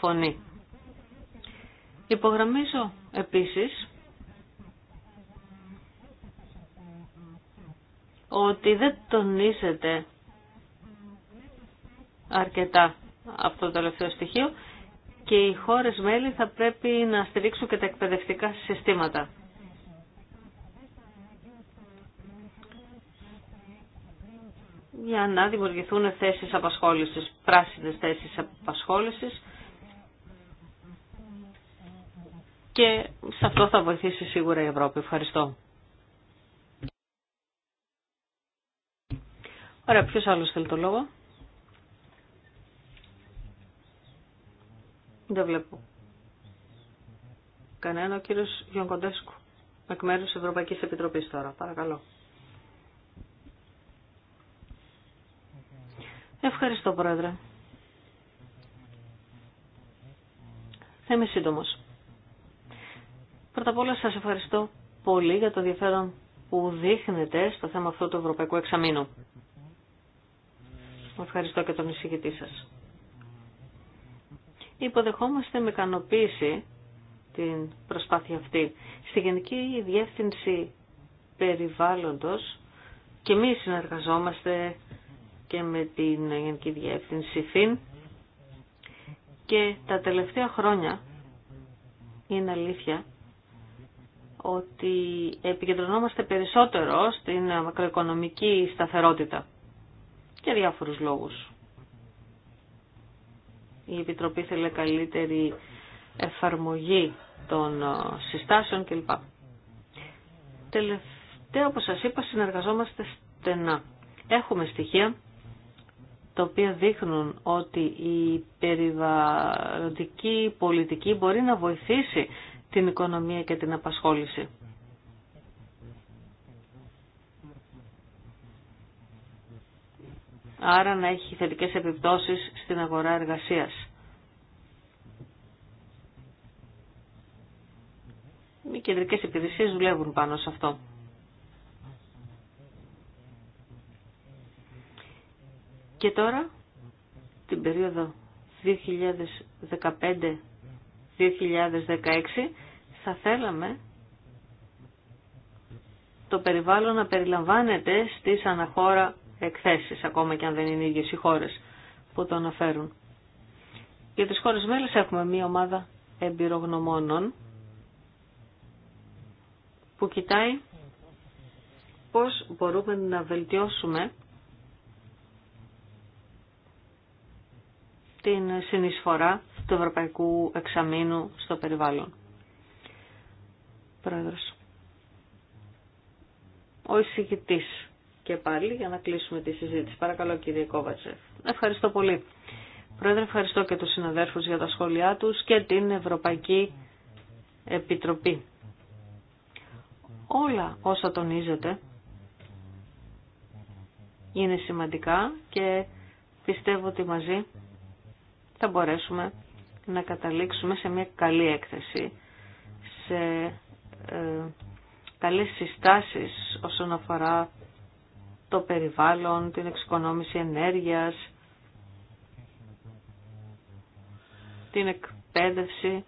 φωνή. Υπογραμμίζω επίσης ότι δεν τονίζεται αρκετά αυτό το τελευταίο στοιχείο και οι χώρες μέλη θα πρέπει να στηρίξουν και τα εκπαιδευτικά συστήματα. για να δημιουργηθούν θέσεις απασχόλησης, πράσινες θέσεις απασχόλησης, και σε αυτό θα βοηθήσει σίγουρα η Ευρώπη. Ευχαριστώ. Ωραία, ποιος άλλος θέλει το λόγο. Δεν βλέπω. Κανένα, ο κύριος Κοντέσκου, εκ μέρους της Ευρωπαϊκής Επιτροπής τώρα. Παρακαλώ. Ευχαριστώ, Πρόεδρε. Θα είμαι σύντομος. Πρώτα απ' όλα σας ευχαριστώ πολύ για το ενδιαφέρον που δείχνετε στο θέμα αυτό του Ευρωπαϊκού Εξαμήνου. Ευχαριστώ και τον εισηγητή σας. Υποδεχόμαστε με ικανοποίηση την προσπάθεια αυτή. Στη Γενική Διεύθυνση Περιβάλλοντος και εμείς συνεργαζόμαστε και με την Γενική Διεύθυνση ΦΙΝ και τα τελευταία χρόνια είναι αλήθεια ότι επικεντρωνόμαστε περισσότερο στην μακροοικονομική σταθερότητα και διάφορους λόγους. Η Επιτροπή θέλει καλύτερη εφαρμογή των συστάσεων κλπ. Τελευταία, όπως σας είπα, συνεργαζόμαστε στενά. Έχουμε στοιχεία τα οποία δείχνουν ότι η περιβαλλοντική πολιτική μπορεί να βοηθήσει την οικονομία και την απασχόληση. Άρα να έχει θετικές επιπτώσεις στην αγορά εργασίας. Οι κεντρικές υπηρεσίες δουλεύουν πάνω σε αυτό. Και τώρα, την περίοδο 2015-2016, θα θέλαμε το περιβάλλον να περιλαμβάνεται στις αναχώρα εκθέσεις, ακόμα και αν δεν είναι οι ίδιες οι χώρες που το αναφέρουν. Για τις χώρες μέλες έχουμε μία ομάδα εμπειρογνωμόνων που κοιτάει πώς μπορούμε να βελτιώσουμε την συνεισφορά του Ευρωπαϊκού Εξαμήνου στο περιβάλλον. Πρόεδρος. Ο εισηγητής και πάλι για να κλείσουμε τη συζήτηση. Παρακαλώ κύριε Κόβατσεφ. Ευχαριστώ πολύ. Πρόεδρε, ευχαριστώ και τους συναδέρφους για τα σχόλιά τους και την Ευρωπαϊκή Επιτροπή. Όλα όσα τονίζετε είναι σημαντικά και πιστεύω ότι μαζί θα μπορέσουμε να καταλήξουμε σε μια καλή έκθεση, σε ε, καλές συστάσεις όσον αφορά το περιβάλλον, την εξοικονόμηση ενέργειας, την εκπαίδευση,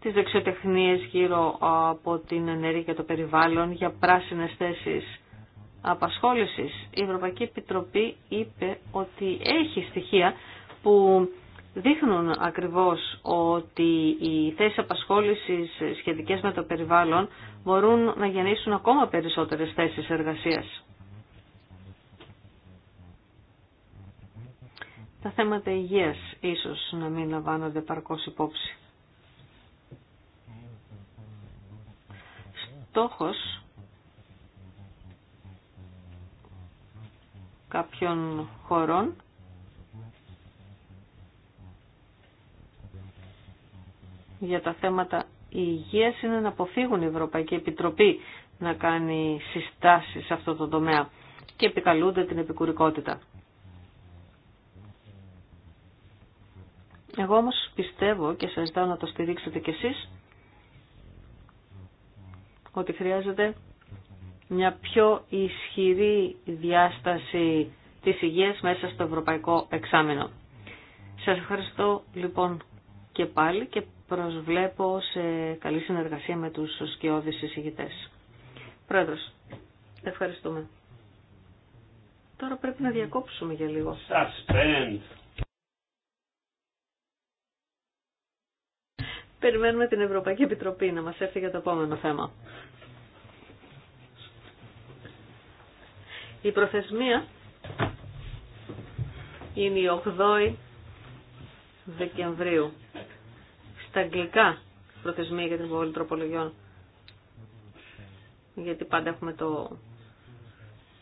τις δεξιοτεχνίες γύρω από την ενέργεια και το περιβάλλον για πράσινες θέσεις απασχόλησης. Η Ευρωπαϊκή Επιτροπή είπε ότι έχει στοιχεία που δείχνουν ακριβώς ότι οι θέσεις απασχόλησης σχετικές με το περιβάλλον μπορούν να γεννήσουν ακόμα περισσότερες θέσεις εργασίας. Τα θέματα υγείας ίσως να μην λαμβάνονται παρκώς υπόψη. Στόχος κάποιων χωρών για τα θέματα υγείας είναι να αποφύγουν η Ευρωπαϊκή Επιτροπή να κάνει συστάσεις σε αυτό το τομέα και επικαλούνται την επικουρικότητα. Εγώ όμως πιστεύω και σας ζητάω να το στηρίξετε κι εσείς ότι χρειάζεται μια πιο ισχυρή διάσταση της υγείας μέσα στο ευρωπαϊκό εξάμεινο. Σας ευχαριστώ λοιπόν και πάλι και προσβλέπω σε καλή συνεργασία με τους σκιώδεις εισηγητές. Πρόεδρος, ευχαριστούμε. Τώρα πρέπει να διακόψουμε για λίγο. Περιμένουμε την Ευρωπαϊκή Επιτροπή να μας έρθει για το επόμενο θέμα. Η προθεσμία είναι η 8η Δεκεμβρίου. Στα αγγλικά προθεσμία για την υποβολή τροπολογιών. Γιατί πάντα έχουμε το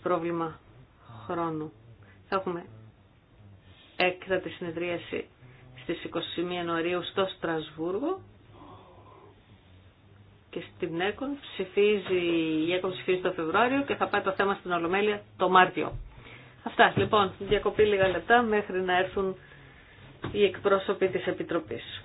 πρόβλημα χρόνου. Θα έχουμε έκτατη συνεδρίαση στις 21 Ιανουαρίου στο Στρασβούργο και στην ΕΚΟΝ ψηφίζει, η ΕΚΟΝ ψηφίζει το Φεβρουάριο και θα πάει το θέμα στην Ολομέλεια το Μάρτιο. Αυτά λοιπόν, διακοπή λίγα λεπτά μέχρι να έρθουν οι εκπρόσωποι της Επιτροπής.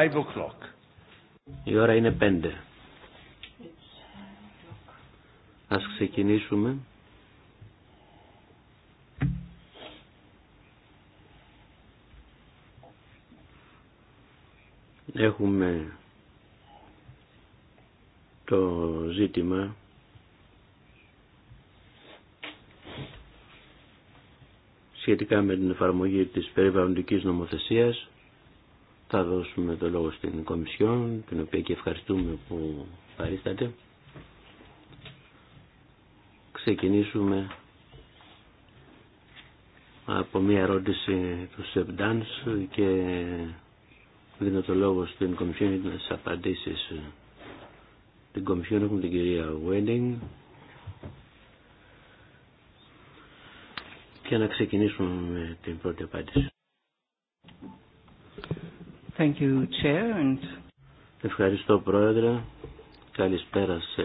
o'clock. Η ώρα είναι πέντε. Ας ξεκινήσουμε. Έχουμε το ζήτημα σχετικά με την εφαρμογή της περιβαλλοντικής νομοθεσίας θα δώσουμε το λόγο στην Κομισιόν, την οποία και ευχαριστούμε που παρίσταται. Ξεκινήσουμε από μία ερώτηση του Σεπντάνς και δίνω το λόγο στην Κομισιόν για τις απαντήσεις. Την Κομισιόν έχουμε την κυρία Βέντινγκ. Και να ξεκινήσουμε με την πρώτη απάντηση. Ευχαριστώ Πρόεδρε. Καλησπέρα σε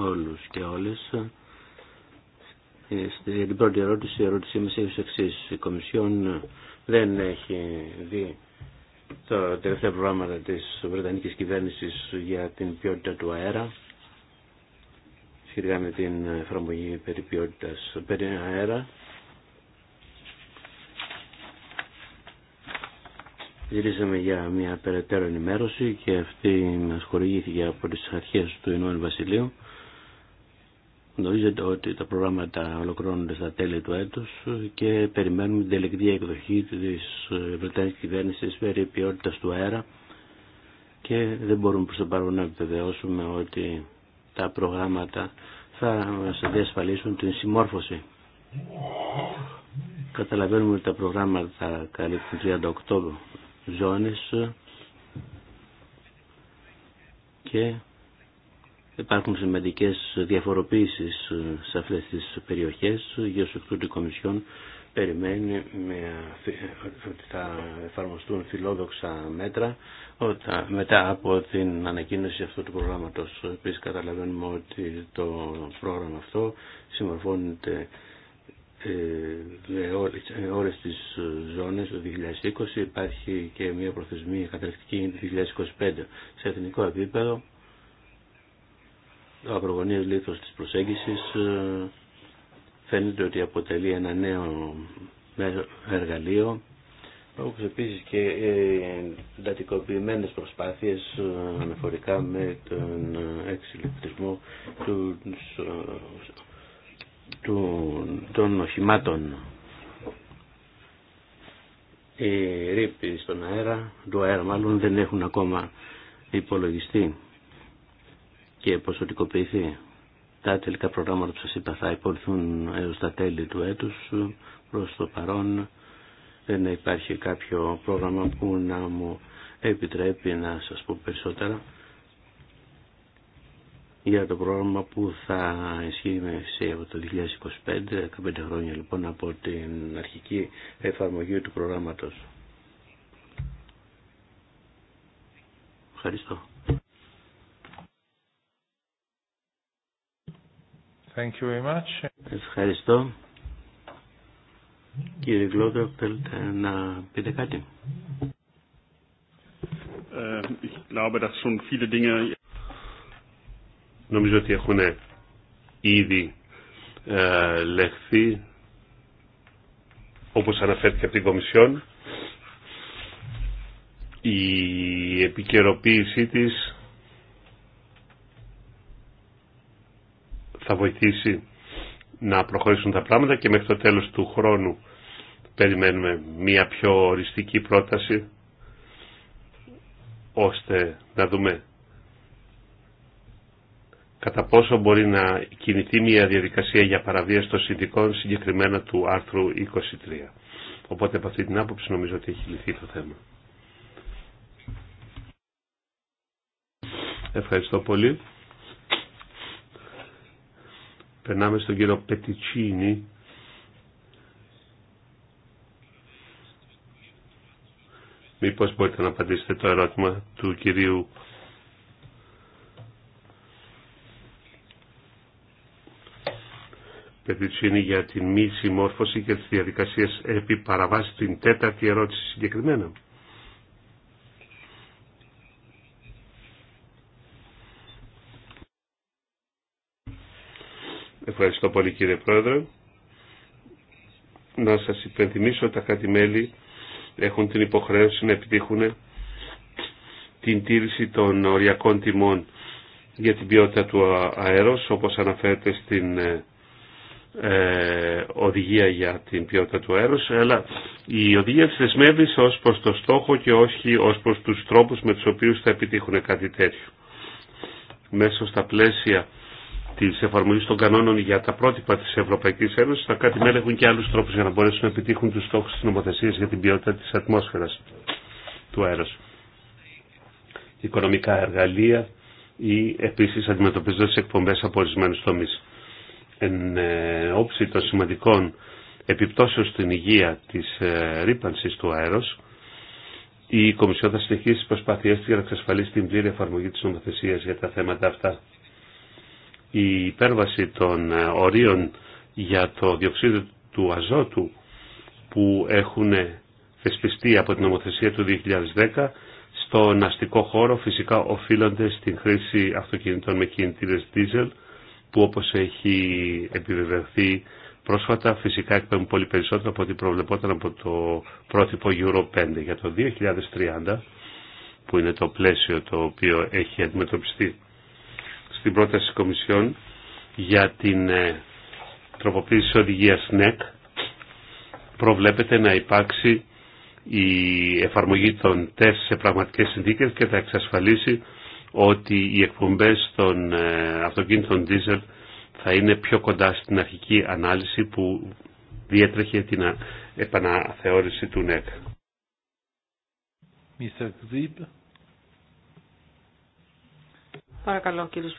όλους και όλες. Ε, για την πρώτη ερώτηση, η ερώτησή μας έχει εξή. Η Κομισιόν δεν έχει δει τα τελευταία προγράμματα της Βρετανικής Κυβέρνησης για την ποιότητα του αέρα σχετικά με την εφαρμογή περί ποιότητας περί αέρα Ζητήσαμε για μια περαιτέρω ενημέρωση και αυτή μα χορηγήθηκε από τι αρχέ του Ηνωμένου Βασιλείου. Γνωρίζετε ότι τα προγράμματα ολοκληρώνονται στα τέλη του έτου και περιμένουμε την τελεκτή εκδοχή τη βρετανική κυβέρνηση περί ποιότητα του αέρα και δεν μπορούμε προς το παρόν να επιβεβαιώσουμε ότι τα προγράμματα θα μα διασφαλίσουν την συμμόρφωση. Καταλαβαίνουμε ότι τα προγράμματα καλύπτουν 38 ζώνες και υπάρχουν σημαντικές διαφοροποίησεις σε αυτές τις περιοχές. για σε της Κομισιόν περιμένει ότι θα εφαρμοστούν φιλόδοξα μέτρα μετά από την ανακοίνωση αυτού του προγράμματος. Επίσης καταλαβαίνουμε ότι το πρόγραμμα αυτό συμμορφώνεται ε, ε, ώρες της ζώνης το 2020 υπάρχει και μια προθεσμία καταληκτική το 2025 σε εθνικό επίπεδο ο ακρογωνίος λήθος της προσέγγισης ε, φαίνεται ότι αποτελεί ένα νέο εργαλείο όπως επίσης και εντατικοποιημένες προσπάθειες αναφορικά με τον εξηλεκτρισμό του του, των οχημάτων. Οι ρήποι στον αέρα, του αέρα μάλλον δεν έχουν ακόμα υπολογιστεί και ποσοτικοποιηθεί. Τα τελικά προγράμματα που σας είπα θα υποληθούν έως τα τέλη του έτους. Προς το παρόν δεν υπάρχει κάποιο πρόγραμμα που να μου επιτρέπει να σας πω περισσότερα για το πρόγραμμα που θα ισχύει σε από το 2025, 15 χρόνια λοιπόν από την αρχική εφαρμογή του προγράμματος. Ευχαριστώ. Thank you very much. Ευχαριστώ. Κύριε Γκλώδο, θέλετε να πείτε κάτι. Ε, ich glaube, dass schon viele Dinge Νομίζω ότι έχουν ήδη ε, λεχθεί όπως αναφέρθηκε από την Κομισιόν η επικαιροποίησή της θα βοηθήσει να προχωρήσουν τα πράγματα και μέχρι το τέλος του χρόνου περιμένουμε μια πιο οριστική πρόταση ώστε να δούμε κατά πόσο μπορεί να κινηθεί μια διαδικασία για παραβίαση των συνδικών συγκεκριμένα του άρθρου 23. Οπότε από αυτή την άποψη νομίζω ότι έχει λυθεί το θέμα. Ευχαριστώ πολύ. Περνάμε στον κύριο Πετιτσίνη. Μήπως μπορείτε να απαντήσετε το ερώτημα του κυρίου Πετριτσίνη για την μη συμμόρφωση και τις διαδικασίες επί παραβάση την τέταρτη ερώτηση συγκεκριμένα. Ευχαριστώ πολύ κύριε Πρόεδρε. Να σας υπενθυμίσω ότι τα κράτη-μέλη έχουν την υποχρέωση να επιτύχουν την τήρηση των οριακών τιμών για την ποιότητα του αέρος όπως αναφέρεται στην ε, ε, οδηγία για την ποιότητα του αέρος, αλλά η οδηγία της δεσμεύει ως προς το στόχο και όχι ως προς τους τρόπους με τους οποίους θα επιτύχουν κάτι τέτοιο. Μέσω στα πλαίσια της εφαρμογής των κανόνων για τα πρότυπα της Ευρωπαϊκής Ένωσης, τα κάτι έχουν και άλλους τρόπους για να μπορέσουν να επιτύχουν τους στόχους της νομοθεσίας για την ποιότητα της ατμόσφαιρας του αέρος. Οικονομικά εργαλεία ή επίσης αντιμετωπίζοντας εκπομπέ από ορισμένου τομεί εν ε, όψη των σημαντικών επιπτώσεων στην υγεία της ε, ρήπανσης του αέρος, η Κομισιόν θα συνεχίσει τις προσπάθειές της για να εξασφαλίσει την πλήρη εφαρμογή της νομοθεσίας για τα θέματα αυτά. Η υπέρβαση των ε, ορίων για το διοξείδιο του αζότου που έχουν θεσπιστεί από την νομοθεσία του 2010 στον αστικό χώρο φυσικά οφείλονται στην χρήση αυτοκινήτων με κινητήρες δίζελ που όπως έχει επιβεβαιωθεί πρόσφατα φυσικά εκπέμπουν πολύ περισσότερο από ό,τι προβλεπόταν από το πρότυπο Euro 5 για το 2030 που είναι το πλαίσιο το οποίο έχει αντιμετωπιστεί στην πρόταση της Κομισιόν για την ε, τροποποίηση οδηγίας NEC... προβλέπεται να υπάρξει η εφαρμογή των τεστ σε πραγματικές συνθήκες και θα εξασφαλίσει ότι οι εκπομπές των ε, αυτοκίνητων diesel θα είναι πιο κοντά στην αρχική ανάλυση που διέτρεχε την επαναθεώρηση του ΝΕΚ. Παρακαλώ κύριε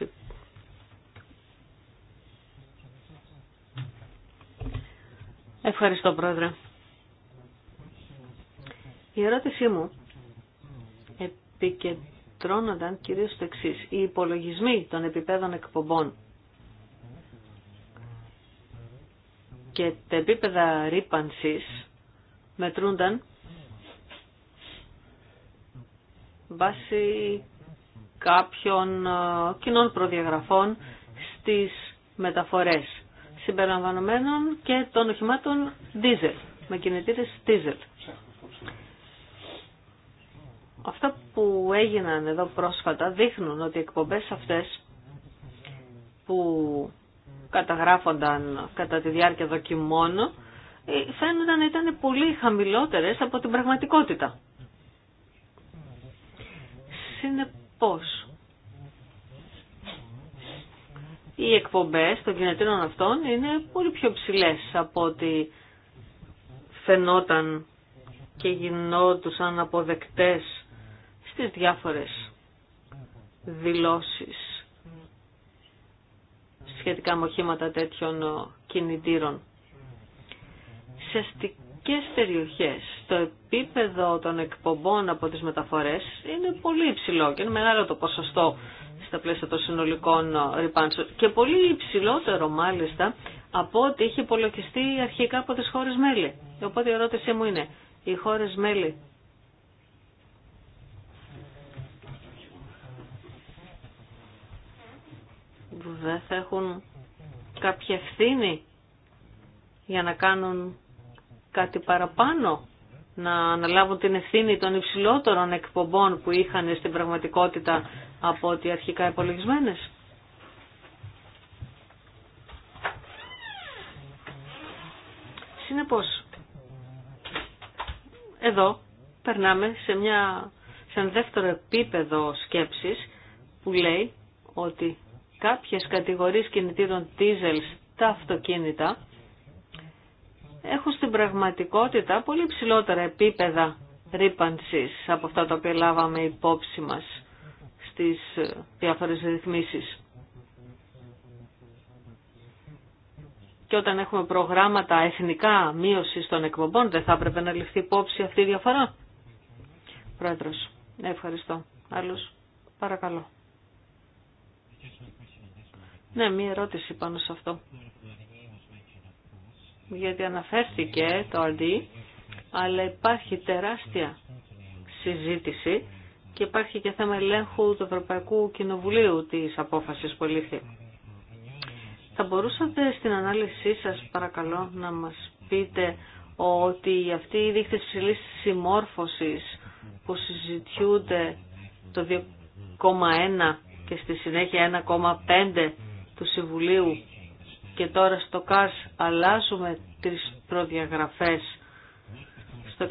Ευχαριστώ πρόεδρε. Η ερώτησή μου και κυρίω κυρίως στο εξή. Οι υπολογισμοί των επιπέδων εκπομπών και τα επίπεδα ρήπανσης μετρούνταν βάσει κάποιων ε, κοινών προδιαγραφών στις μεταφορές συμπεριλαμβανομένων και των οχημάτων δίζελ, με κινητήρες δίζελ. Αυτά που έγιναν εδώ πρόσφατα δείχνουν ότι οι εκπομπές αυτές που καταγράφονταν κατά τη διάρκεια δοκιμών ε, φαίνονταν να ήταν πολύ χαμηλότερες από την πραγματικότητα. Συνεπώς, οι εκπομπές των κινητήρων αυτών είναι πολύ πιο ψηλές από ό,τι φαινόταν και γινόντουσαν αποδεκτές Τις διάφορες δηλώσεις σχετικά με οχήματα τέτοιων κινητήρων. Σε αστικές περιοχές το επίπεδο των εκπομπών από τις μεταφορές είναι πολύ υψηλό και είναι μεγάλο το ποσοστό στα πλαίσια των συνολικών ε, ρηπάνσεων και πολύ υψηλότερο μάλιστα από ό,τι είχε υπολογιστεί αρχικά από τις χώρες μέλη. Οπότε η ερώτησή μου είναι, οι χώρες μέλη δεν θα έχουν κάποια ευθύνη για να κάνουν κάτι παραπάνω, να αναλάβουν την ευθύνη των υψηλότερων εκπομπών που είχαν στην πραγματικότητα από ό,τι αρχικά υπολογισμένες. Συνεπώς, εδώ περνάμε σε, μια, σε ένα δεύτερο επίπεδο σκέψης που λέει ότι κάποιες κατηγορίες κινητήρων diesel τα αυτοκίνητα έχουν στην πραγματικότητα πολύ ψηλότερα επίπεδα ρήπανσης από αυτά τα οποία λάβαμε υπόψη μας στις ε, διάφορες ρυθμίσεις. Και όταν έχουμε προγράμματα εθνικά μείωση των εκπομπών, δεν θα έπρεπε να ληφθεί υπόψη αυτή η διαφορά. Πρόεδρος, ευχαριστώ. Άλλος, παρακαλώ. Ναι, μία ερώτηση πάνω σε αυτό. Γιατί αναφέρθηκε το RD, αλλά υπάρχει τεράστια συζήτηση και υπάρχει και θέμα ελέγχου του Ευρωπαϊκού Κοινοβουλίου της απόφασης που Θα μπορούσατε στην ανάλυση σας παρακαλώ να μας πείτε ότι αυτή η δείχτες ψηλής συμμόρφωσης που συζητιούνται το 2,1 και στη συνέχεια 1,5 του Συμβουλίου και τώρα στο κάς αλλάζουμε τις προδιαγραφές στο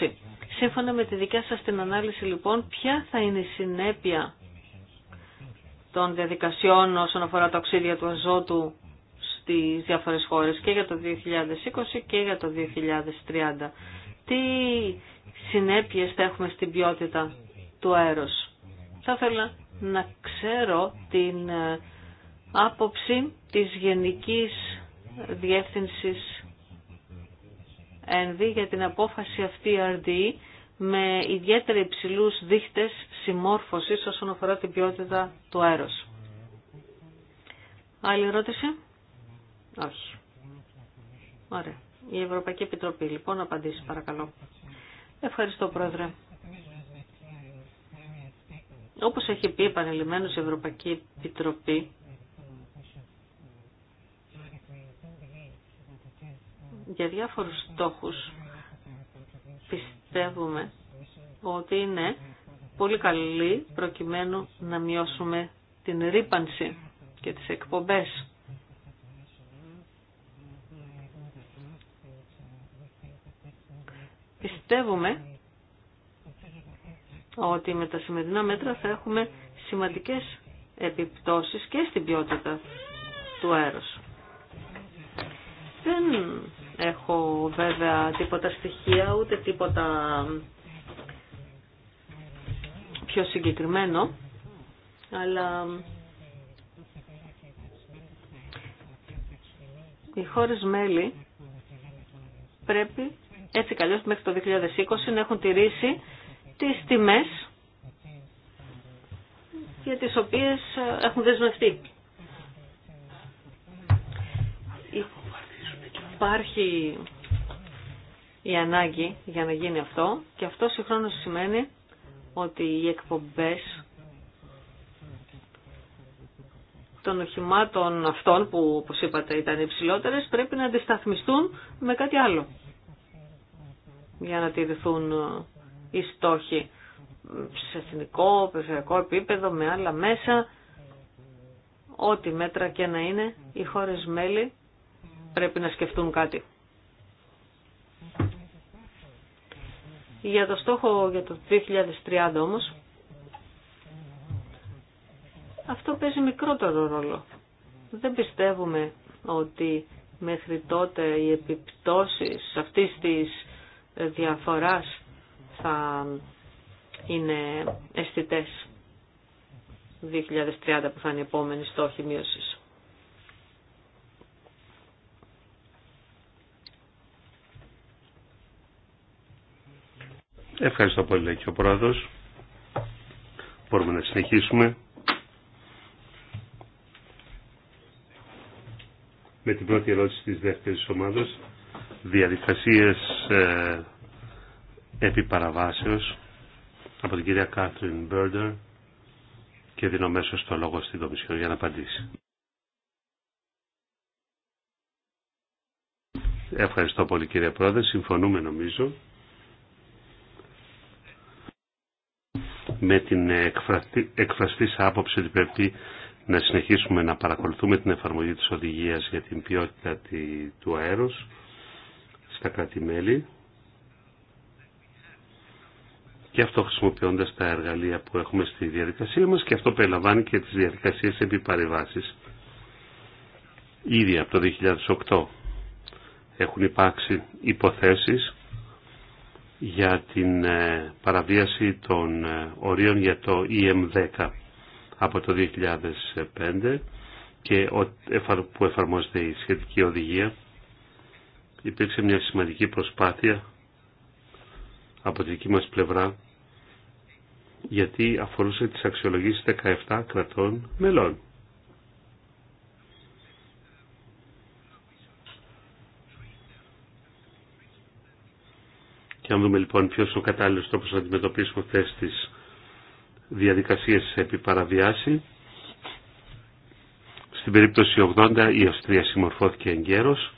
120. Σύμφωνα με τη δικιά σας την ανάλυση λοιπόν, ποια θα είναι η συνέπεια των διαδικασιών όσον αφορά το οξύδια του αζότου στις διάφορες χώρες και για το 2020 και για το 2030. Τι συνέπειες θα έχουμε στην ποιότητα του αέρος. Θα ήθελα να ξέρω την ε, άποψη της Γενικής Διεύθυνσης ΕΝΔΗ για την απόφαση αυτή RDE με ιδιαίτερα υψηλού δείχτες συμμόρφωσης όσον αφορά την ποιότητα του αέρος. Άλλη ερώτηση? Όχι. Ωραία. Η Ευρωπαϊκή Επιτροπή λοιπόν απαντήσει παρακαλώ. Ευχαριστώ Πρόεδρε. Όπως έχει πει επανελειμμένως η Ευρωπαϊκή Επιτροπή, για διάφορους στόχους. Πιστεύουμε ότι είναι πολύ καλή προκειμένου να μειώσουμε την ρήπανση και τις εκπομπές. Πιστεύουμε ότι με τα σημερινά μέτρα θα έχουμε σημαντικές επιπτώσεις και στην ποιότητα του αέρος. Δεν έχω βέβαια τίποτα στοιχεία, ούτε τίποτα πιο συγκεκριμένο, αλλά οι χώρες μέλη πρέπει έτσι καλώς μέχρι το 2020 να έχουν τηρήσει τις τιμές για τις οποίες έχουν δεσμευτεί. υπάρχει η ανάγκη για να γίνει αυτό και αυτό συγχρόνως σημαίνει ότι οι εκπομπές των οχημάτων αυτών που όπως είπατε ήταν υψηλότερε πρέπει να αντισταθμιστούν με κάτι άλλο για να τηρηθούν ε, οι στόχοι σε εθνικό, περιφερειακό επίπεδο, με άλλα μέσα, ό,τι μέτρα και να είναι, οι χώρες μέλη πρέπει να σκεφτούν κάτι. Για το στόχο για το 2030 όμως, αυτό παίζει μικρότερο ρόλο. Δεν πιστεύουμε ότι μέχρι τότε οι επιπτώσεις αυτής της διαφοράς θα είναι αισθητές. 2030 που θα είναι η επόμενη στόχη μείωσης. Ευχαριστώ πολύ, λέει και ο Πρόεδρος. Μπορούμε να συνεχίσουμε. Με την πρώτη ερώτηση της δεύτερης ομάδας, διαδικασίες ε, επί παραβάσεως από την κυρία Κάτριν Μπέρντερ και δίνω στο το λόγο στην Κομισιόν για να απαντήσει. Ευχαριστώ πολύ κύριε Πρόεδρε. Συμφωνούμε νομίζω με την εκφραστή άποψη ότι πρέπει να συνεχίσουμε να παρακολουθούμε την εφαρμογή της οδηγίας για την ποιότητα του αέρος στα κράτη-μέλη και αυτό χρησιμοποιώντας τα εργαλεία που έχουμε στη διαδικασία μας και αυτό περιλαμβάνει και τις διαδικασίες επί παρεμβάσεις. Ήδη από το 2008 έχουν υπάρξει υποθέσεις για την ε, παραβίαση των ε, ορίων για το EM10 από το 2005 και που εφαρμόζεται η σχετική οδηγία υπήρξε μια σημαντική προσπάθεια από τη δική μας πλευρά γιατί αφορούσε τις αξιολογήσεις 17 κρατών μελών. Και αν δούμε λοιπόν ποιος είναι ο κατάλληλος τρόπος να αντιμετωπίσουμε αυτές τις διαδικασίες επί παραβιάση. Στην περίπτωση 80 η Αυστρία συμμορφώθηκε εγκαίρος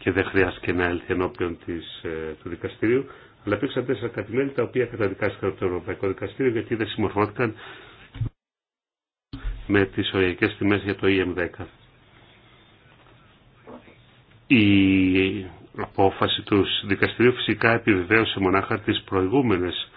και δεν χρειάστηκε να έλθει ενώπιον της, ε, του δικαστηρίου. Αλλά υπήρξαν τέσσερα κατημέρια τα οποία καταδικάστηκαν από το Ευρωπαϊκό Δικαστήριο γιατί δεν συμμορφώθηκαν με τις οριακές τιμές για το EM10. Η απόφαση του δικαστηρίου φυσικά επιβεβαίωσε μονάχα τις προηγούμενες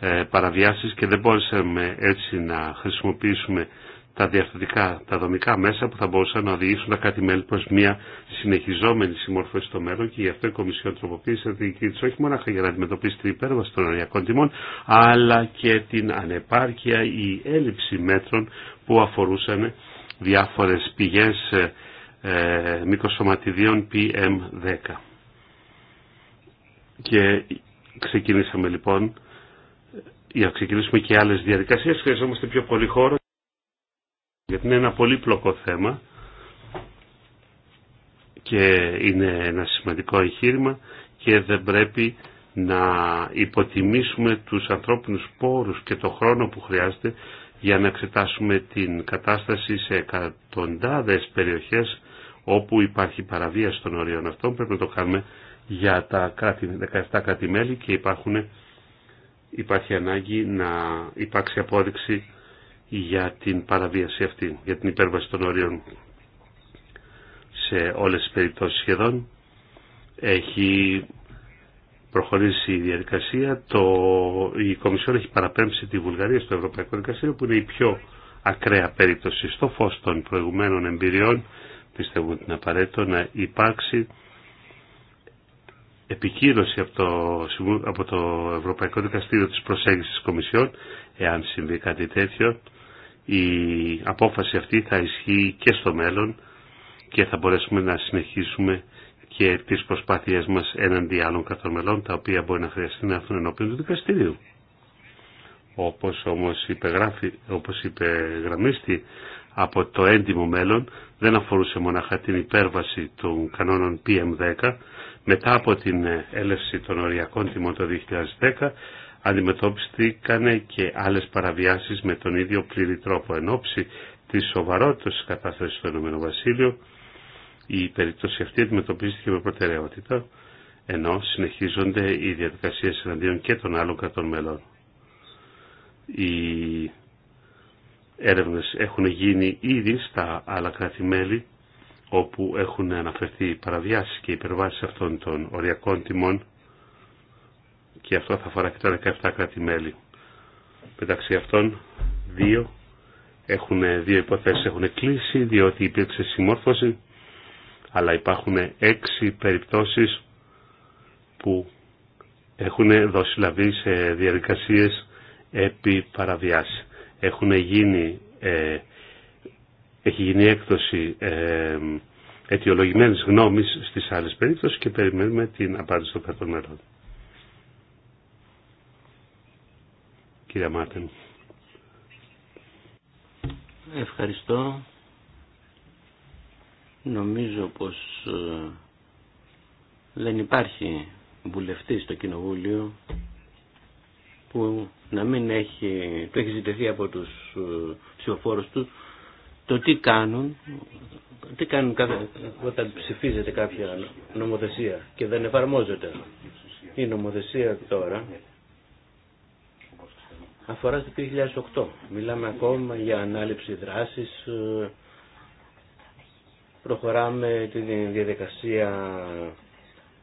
ε, παραβιάσεις και δεν μπόρεσαμε έτσι να χρησιμοποιήσουμε τα διαρθρωτικά, τα δομικά μέσα που θα μπορούσαν να οδηγήσουν τα κάτι μέλη προ μια συνεχιζόμενη συμμόρφωση στο μέλλον και γι' αυτό η Κομισιόν τροποποίησε την δική της όχι μόνο για να αντιμετωπίσει την υπέρβαση των αριακών τιμών αλλά και την ανεπάρκεια ή έλλειψη μέτρων που αφορούσαν διάφορες πηγές ε, ε, μικροσωματιδίων PM10. Και ξεκινήσαμε λοιπόν, ε, για να ξεκινήσουμε και άλλες διαδικασίες, χρειαζόμαστε πιο πολύ χώρο, γιατί είναι ένα πολύ πλοκό θέμα και είναι ένα σημαντικό εγχείρημα και δεν πρέπει να υποτιμήσουμε τους ανθρώπινους πόρους και το χρόνο που χρειάζεται για να εξετάσουμε την κατάσταση σε εκατοντάδες περιοχές όπου υπάρχει παραβίαση των ορίων αυτών πρέπει να το κάνουμε για τα 17 κράτη-μέλη και υπάρχουν, υπάρχει ανάγκη να υπάρξει απόδειξη για την παραβίαση αυτή, για την υπέρβαση των ορίων σε όλες τις περιπτώσεις σχεδόν. Έχει προχωρήσει η διαδικασία. Το, η Κομισιόν έχει παραπέμψει τη Βουλγαρία στο Ευρωπαϊκό Δικαστήριο που είναι η πιο ακραία περίπτωση στο φως των προηγουμένων εμπειριών Πιστεύω ότι είναι απαραίτητο να υπάρξει επικύρωση από το, από το Ευρωπαϊκό Δικαστήριο της προσέγγισης της Κομισιόν, εάν συμβεί κάτι τέτοιο, η απόφαση αυτή θα ισχύει και στο μέλλον και θα μπορέσουμε να συνεχίσουμε και τις προσπάθειές μας έναντι άλλων καθομελών, τα οποία μπορεί να χρειαστεί να έρθουν ενώπιον του δικαστηρίου. Όπως όμως υπεγράφει, όπως υπεγραμμίστη από το έντιμο μέλλον δεν αφορούσε μοναχα την υπέρβαση των κανόνων PM10. Μετά από την ε, έλευση των οριακών τιμών το 2010 αντιμετώπιστηκαν και άλλες παραβιάσεις με τον ίδιο πλήρη τρόπο εν ώψη της σοβαρότητας της κατάστασης στο ΕΒ Η περίπτωση αυτή αντιμετωπίστηκε με προτεραιότητα ενώ συνεχίζονται οι διαδικασίες εναντίον και των άλλων κρατών μελών. Η έρευνες έχουν γίνει ήδη στα άλλα κράτη-μέλη όπου έχουν αναφερθεί παραβιάσεις και υπερβάσεις αυτών των οριακών τιμών και αυτό θα αφορά και τα 17 κράτη-μέλη. Μεταξύ αυτών δύο, έχουν, δύο υποθέσεις έχουν κλείσει διότι υπήρξε συμμόρφωση αλλά υπάρχουν έξι περιπτώσεις που έχουν δώσει λαβή σε διαδικασίες επί παραβιάση. Έχουν γίνει, ε, έχει γίνει έκδοση ε, αιτιολογημένης γνώμης στις άλλες περίπτωσεις και περιμένουμε την απάντηση των κρατών μελών. Κύριε Μάρτεν. Ευχαριστώ. Νομίζω πως ε, δεν υπάρχει βουλευτή στο Κοινοβούλιο που να μην έχει, το έχει ζητηθεί από τους ε, ψηφοφόρους του το τι κάνουν, τι κάνουν κάθε, όταν ψηφίζεται κάποια νομοθεσία και δεν εφαρμόζεται. Η νομοθεσία τώρα αφορά στο 2008. Μιλάμε ακόμα για ανάληψη δράσης, ε, προχωράμε τη διαδικασία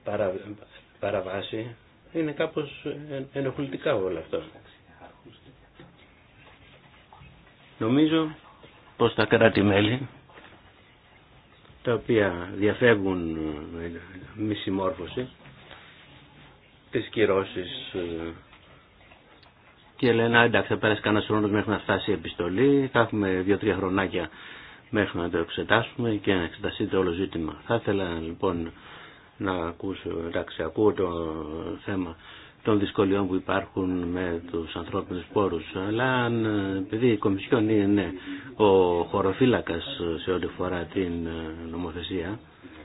παρα, παραβάση. Είναι κάπως ενοχλητικά όλα αυτά. Νομίζω πως τα κράτη-μέλη τα οποία διαφεύγουν μη συμμόρφωση τις κυρώσεις ε, και λένε εντάξει θα πέρασει κανένας χρόνος μέχρι να φτάσει η επιστολή θα έχουμε δύο-τρία χρονάκια μέχρι να το εξετάσουμε και να εξεταστεί όλο ζήτημα. Θα ήθελα λοιπόν να ακούσω, εντάξει ακούω το θέμα των δυσκολιών που υπάρχουν με τους ανθρώπινους πόρους. Αλλά αν, επειδή η Κομισιόν είναι ναι, ο χωροφύλακας σε ό,τι φορά την ε, νομοθεσία,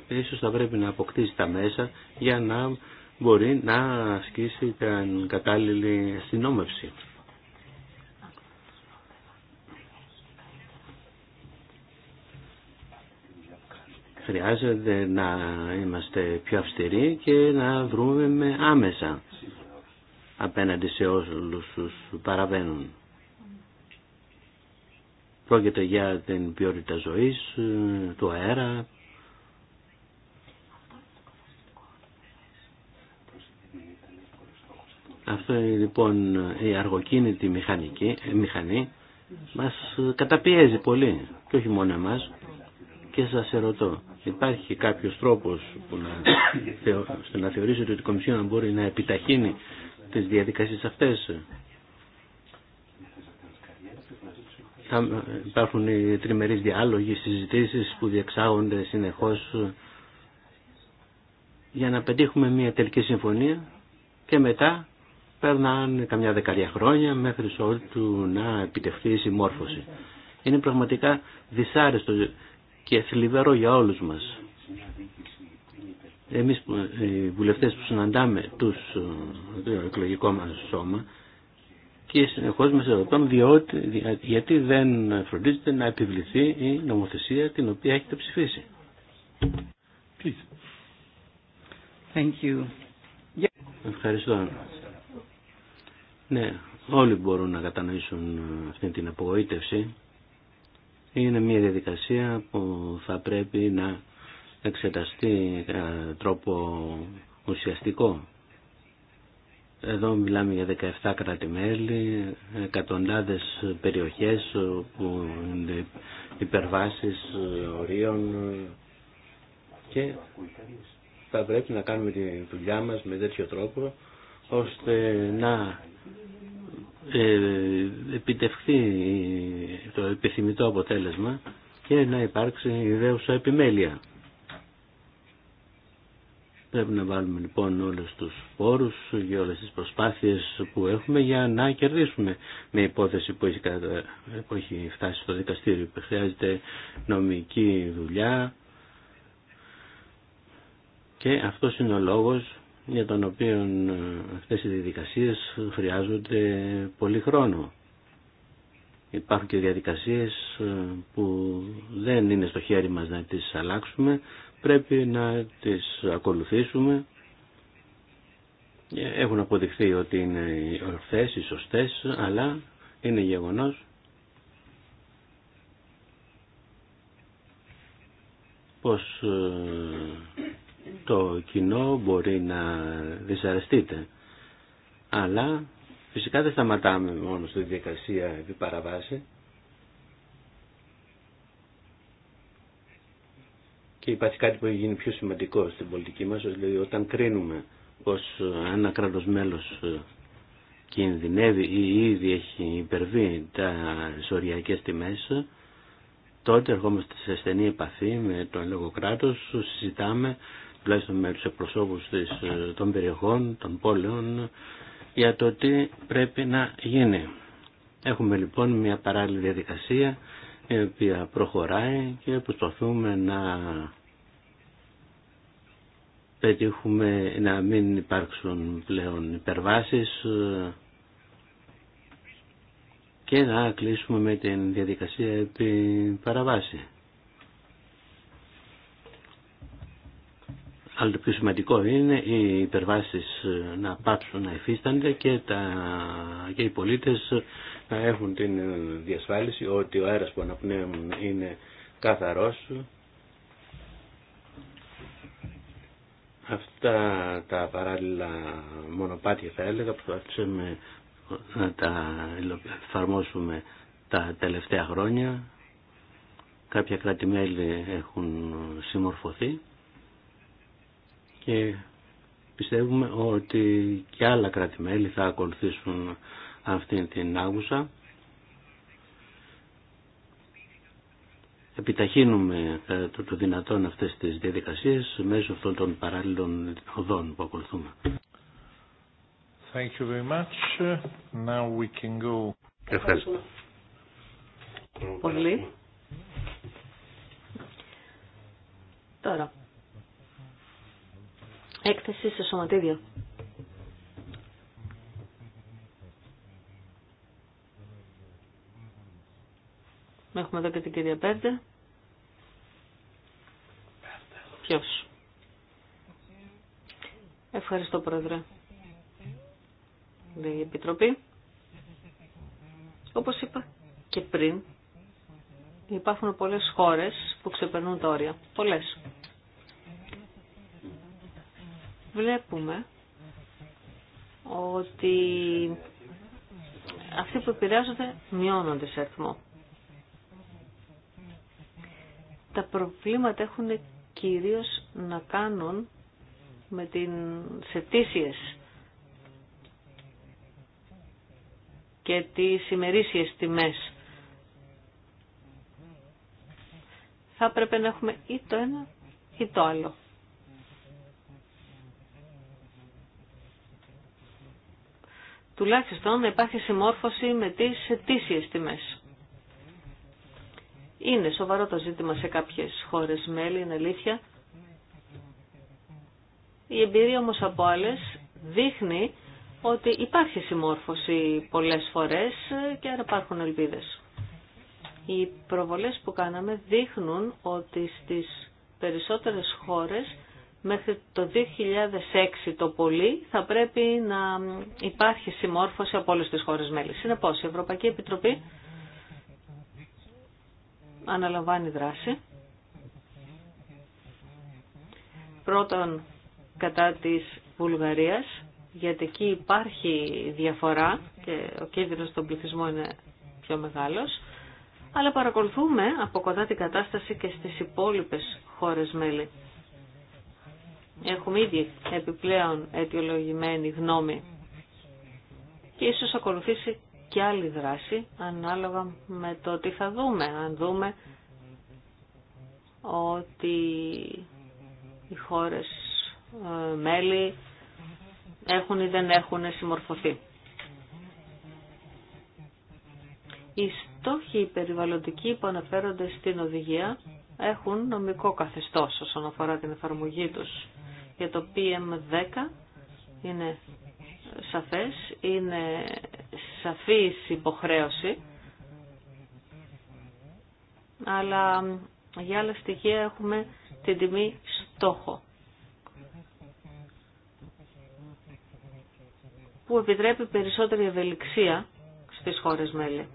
ίσως θα πρέπει να αποκτήσει τα μέσα για να μπορεί να ασκήσει την κατάλληλη αστυνόμευση. Χρειάζεται να είμαστε πιο αυστηροί και να βρούμε με άμεσα απέναντι σε όλους τους παραβαίνουν. Πρόκειται για την ποιότητα ζωής, ε, του αέρα. Αυτό λοιπόν η αργοκίνητη μηχανική, ε, μηχανή μας καταπιέζει πολύ και όχι μόνο εμάς και σας ερωτώ υπάρχει κάποιος τρόπος που να, να θεωρήσετε ότι η Κομισιόν μπορεί να επιταχύνει τις διαδικασίες αυτές. Θα υπάρχουν οι τριμερείς διάλογοι, συζητήσεις που διεξάγονται συνεχώς για να πετύχουμε μια τελική συμφωνία και μετά περνάνε καμιά δεκαετία χρόνια μέχρι ότου να επιτευχθεί η συμμόρφωση. Είναι πραγματικά δυσάρεστο και θλιβερό για όλους μας εμείς ε, οι βουλευτές που συναντάμε τους, ε, το εκλογικό μας σώμα και συνεχώς μας ερωτών διότι, γιατί δεν φροντίζεται να επιβληθεί η νομοθεσία την οποία έχετε ψηφίσει. Thank you. Ευχαριστώ. Ναι, όλοι μπορούν να κατανοήσουν ε, αυτή την απογοήτευση. Είναι μια διαδικασία που θα πρέπει να εξεταστεί τρόπο ουσιαστικό. Εδώ μιλάμε για 17 κράτη-μέλη, εκατοντάδες περιοχές που είναι υπερβάσεις ορίων και θα πρέπει να κάνουμε τη δουλειά μας με τέτοιο τρόπο ώστε να ε, επιτευχθεί το επιθυμητό αποτέλεσμα και να υπάρξει ιδέουσα επιμέλεια. Πρέπει να βάλουμε λοιπόν όλους τους πόρους για όλες τις προσπάθειες που έχουμε για να κερδίσουμε μια υπόθεση που έχει, έχει φτάσει στο δικαστήριο. Χρειάζεται νομική δουλειά και αυτό είναι ο λόγος για τον οποίο ε, αυτές οι διαδικασίες χρειάζονται πολύ χρόνο. Υπάρχουν και διαδικασίες ε, που δεν είναι στο χέρι μας να τις αλλάξουμε πρέπει να τις ακολουθήσουμε. Έχουν αποδειχθεί ότι είναι οι ορθές, οι σωστές, αλλά είναι γεγονός πως ε, το κοινό μπορεί να δυσαρεστείτε, Αλλά φυσικά δεν σταματάμε μόνο στη διακασία επί παραβάση. Και υπάρχει κάτι που έχει γίνει πιο σημαντικό στην πολιτική μας, δηλαδή όταν κρίνουμε πως ε, ένα κράτος μέλος ε, κινδυνεύει ή ήδη έχει υπερβεί τα σωριακές τιμές, τότε ερχόμαστε σε στενή επαφή με τον λόγο συζητάμε τουλάχιστον με του εκπροσώπους της, ε, των περιοχών, των πόλεων, για το τι πρέπει να γίνει. Έχουμε λοιπόν μια παράλληλη διαδικασία η οποία προχωράει και προσπαθούμε να πετύχουμε να μην υπάρξουν πλέον υπερβάσεις και να κλείσουμε με την διαδικασία επί παραβάση. Αλλά το πιο σημαντικό είναι οι υπερβάσεις ε, να πάψουν να υφίστανται και, τα, και οι πολίτες να έχουν την ε, διασφάλιση ότι ο αέρας που αναπνέουν είναι καθαρός. Αυτά τα παράλληλα μονοπάτια θα έλεγα που να τα εφαρμόσουμε τα τελευταία χρόνια. Κάποια κράτη-μέλη έχουν συμμορφωθεί και πιστεύουμε ότι και άλλα κράτη-μέλη θα ακολουθήσουν αυτήν την άγουσα. Επιταχύνουμε ε, το, το δυνατόν αυτές τις διαδικασίες μέσω αυτών των παράλληλων οδών που ακολουθούμε. Ευχαριστώ. Πολύ. Τώρα, έκθεση στο σωματίδιο. Έχουμε εδώ και την κυρία Πέρντε. Ποιος. Ευχαριστώ πρόεδρε. Λέει η Επιτροπή. Όπως είπα και πριν, υπάρχουν πολλές χώρες που ξεπερνούν τα όρια. Πολλές βλέπουμε ότι αυτοί που επηρεάζονται μειώνονται σε αριθμό. Τα προβλήματα έχουν κυρίως να κάνουν με την σετήσιες και τις ημερήσιες τιμές. Θα πρέπει να έχουμε ή το ένα ή το άλλο. τουλάχιστον να υπάρχει συμμόρφωση με τις αιτήσιες τιμές. Είναι σοβαρό το ζήτημα σε κάποιες χώρες μέλη, είναι αλήθεια. Η εμπειρία όμως από άλλες δείχνει ότι υπάρχει συμμόρφωση πολλές φορές και άρα υπάρχουν ελπίδες. Οι προβολές που κάναμε δείχνουν ότι στις περισσότερες χώρες μέχρι το 2006 το πολύ θα πρέπει να υπάρχει συμμόρφωση από όλες τις χώρες μέλη. Συνεπώς, η Ευρωπαϊκή Επιτροπή αναλαμβάνει δράση. Πρώτον, κατά της Βουλγαρίας, γιατί εκεί υπάρχει διαφορά και ο κίνδυνος στον πληθυσμό είναι πιο μεγάλος, αλλά παρακολουθούμε από κοντά την κατάσταση και στις υπόλοιπες χώρες μέλη. Έχουμε ήδη επιπλέον αιτιολογημένη γνώμη και ίσως ακολουθήσει και άλλη δράση ανάλογα με το τι θα δούμε. Αν δούμε ότι οι χώρες ε, μέλη έχουν ή δεν έχουν συμμορφωθεί. Οι στόχοι περιβαλλοντικοί που αναφέρονται στην οδηγία έχουν νομικό καθεστώς όσον αφορά την εφαρμογή τους για το PM10 είναι σαφές, είναι σαφής υποχρέωση, αλλά για άλλα στοιχεία έχουμε την τιμή στόχο. που επιτρέπει περισσότερη ευελιξία στις χώρες μέλη.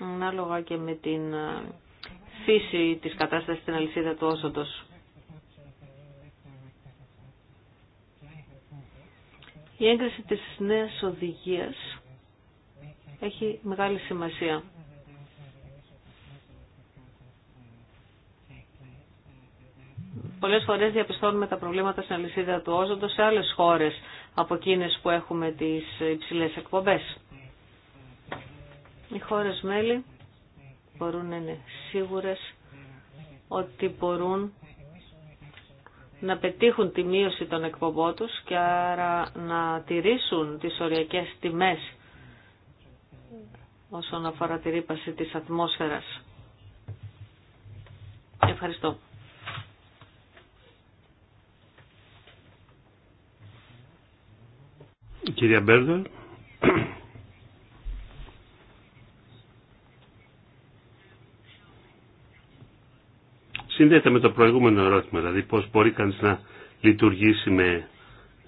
Ανάλογα και με την φύση της κατάστασης στην αλυσίδα του όσοντος. Η έγκριση της νέας οδηγίας έχει μεγάλη σημασία. Πολλές φορές διαπιστώνουμε τα προβλήματα στην αλυσίδα του όζοντος σε άλλες χώρες από εκείνες που έχουμε τις υψηλές εκπομπές. Οι χώρες μέλη μπορούν να είναι σίγουρες ότι μπορούν να πετύχουν τη μείωση των εκπομπών τους και άρα να τηρήσουν τις οριακές τιμές όσον αφορά τη ρήπαση της ατμόσφαιρας. Ευχαριστώ. Κυρία Μπέρδερ. συνδέεται με το προηγούμενο ερώτημα, δηλαδή πώς μπορεί κανείς να λειτουργήσει με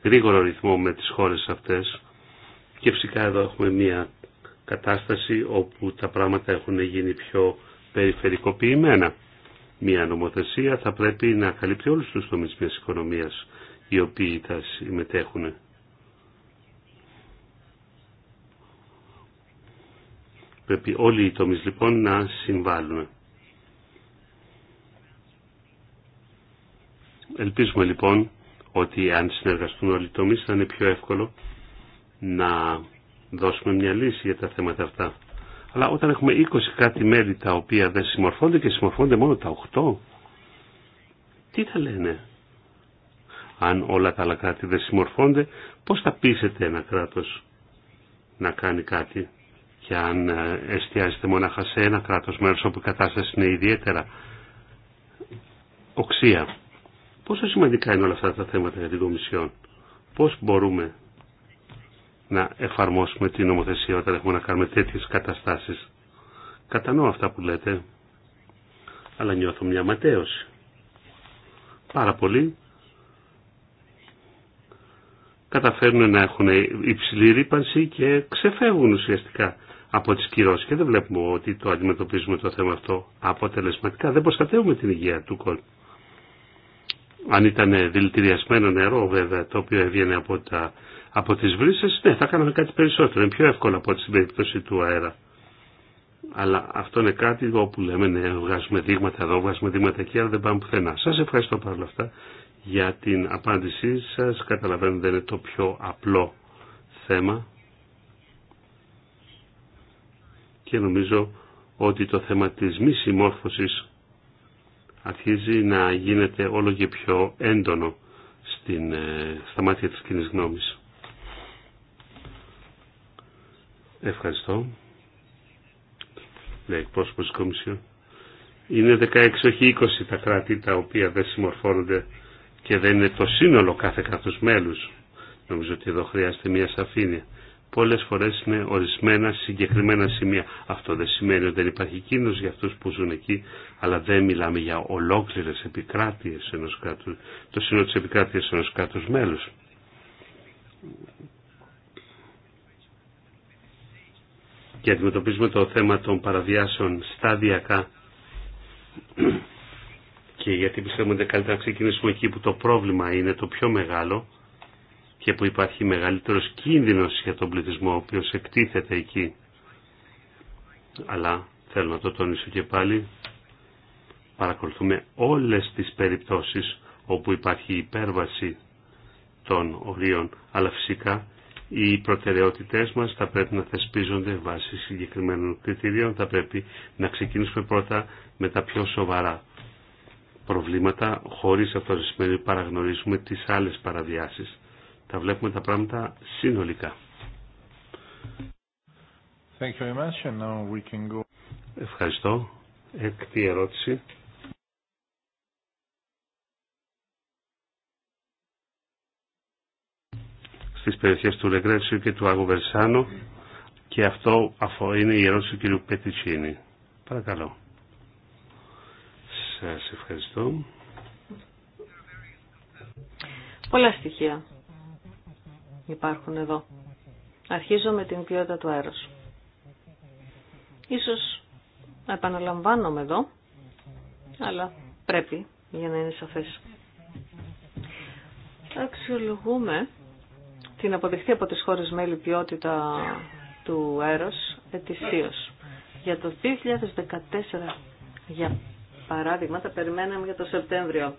γρήγορο ρυθμό με τις χώρες αυτές και φυσικά εδώ έχουμε μια κατάσταση όπου τα πράγματα έχουν γίνει πιο περιφερικοποιημένα. Μια νομοθεσία θα πρέπει να καλύπτει όλους τους τομείς μιας οικονομίας οι οποίοι θα συμμετέχουν. Πρέπει όλοι οι τομείς λοιπόν να συμβάλλουν. Ελπίζουμε λοιπόν ότι αν συνεργαστούν όλοι οι τομείς θα είναι πιο εύκολο να δώσουμε μια λύση για τα θέματα αυτά. Αλλά όταν έχουμε 20 κάτι μέλη τα οποία δεν συμμορφώνται και συμμορφώνται μόνο τα 8, τι θα λένε. Αν όλα τα άλλα κράτη δεν συμμορφώνται, πώς θα πείσετε ένα κράτος να κάνει κάτι. Και αν ε, εστιάζεται μονάχα σε ένα κράτος μέρος όπου η κατάσταση είναι ιδιαίτερα οξία Πόσο σημαντικά είναι όλα αυτά τα θέματα για την Κομισιόν. Πώς μπορούμε να εφαρμόσουμε την νομοθεσία όταν έχουμε να κάνουμε τέτοιες καταστάσεις. Κατανοώ αυτά που λέτε, αλλά νιώθω μια ματέωση. Πάρα πολλοί καταφέρνουν να έχουν υψηλή ρήπανση και ξεφεύγουν ουσιαστικά από τις κυρώσεις και δεν βλέπουμε ότι το αντιμετωπίζουμε το θέμα αυτό αποτελεσματικά. Δεν προστατεύουμε την υγεία του κόσμου αν ήταν δηλητηριασμένο νερό βέβαια το οποίο έβγαινε από, τα, από τις βρύσες, ναι θα κάναμε κάτι περισσότερο, είναι πιο εύκολο από την περίπτωση του αέρα. Αλλά αυτό είναι κάτι όπου λέμε ναι, βγάζουμε δείγματα εδώ, βγάζουμε δείγματα εκεί, αλλά δεν πάμε πουθενά. Σας ευχαριστώ παρόλα αυτά για την απάντησή σας. Καταλαβαίνετε, δεν είναι το πιο απλό θέμα. Και νομίζω ότι το θέμα της μη συμμόρφωσης αρχίζει να γίνεται όλο και πιο έντονο στην, ε, στα μάτια της κοινή γνώμης. Ευχαριστώ. Λέει Είναι 16, όχι 20 τα κράτη τα οποία δεν συμμορφώνονται και δεν είναι το σύνολο κάθε κράτους μέλους. Νομίζω ότι εδώ χρειάζεται μια σαφήνεια πολλές φορές είναι ορισμένα συγκεκριμένα σημεία. Αυτό δεν σημαίνει ότι δεν υπάρχει κίνδυνος για αυτούς που ζουν εκεί, αλλά δεν μιλάμε για ολόκληρες επικράτειες ενός κράτους, το σύνολο της επικράτειας ενός κράτους μέλους. Και αντιμετωπίζουμε το θέμα των παραβιάσεων σταδιακά και γιατί πιστεύουμε ότι καλύτερα να ξεκινήσουμε εκεί που το πρόβλημα είναι το πιο μεγάλο και που υπάρχει μεγαλύτερος κίνδυνος για τον πληθυσμό ο οποίος εκτίθεται εκεί. Αλλά θέλω να το τονίσω και πάλι, παρακολουθούμε όλες τις περιπτώσεις όπου υπάρχει υπέρβαση των ορίων, αλλά φυσικά οι προτεραιότητές μας θα πρέπει να θεσπίζονται βάσει συγκεκριμένων κριτηρίων, θα πρέπει να ξεκινήσουμε πρώτα με τα πιο σοβαρά προβλήματα, χωρίς αυτό να σημαίνει παραγνωρίζουμε τις άλλες παραβιάσεις τα βλέπουμε τα πράγματα συνολικά. Thank you Ευχαριστώ. Έκτη ερώτηση. Στις περιοχές του Λεγκρέσιου και του Άγου Βερσάνο και αυτό αφού είναι η ερώτηση του κ. Πετιτσίνη. Παρακαλώ. Σας ευχαριστώ. Πολλά στοιχεία υπάρχουν εδώ. Αρχίζω με την ποιότητα του αέρος. Ίσως επαναλαμβάνομαι εδώ, αλλά πρέπει για να είναι σαφές. Αξιολογούμε την αποδεχτή από τις χώρες μέλη ποιότητα του αέρος ετησίως. Για το 2014, για παράδειγμα, τα περιμέναμε για το Σεπτέμβριο.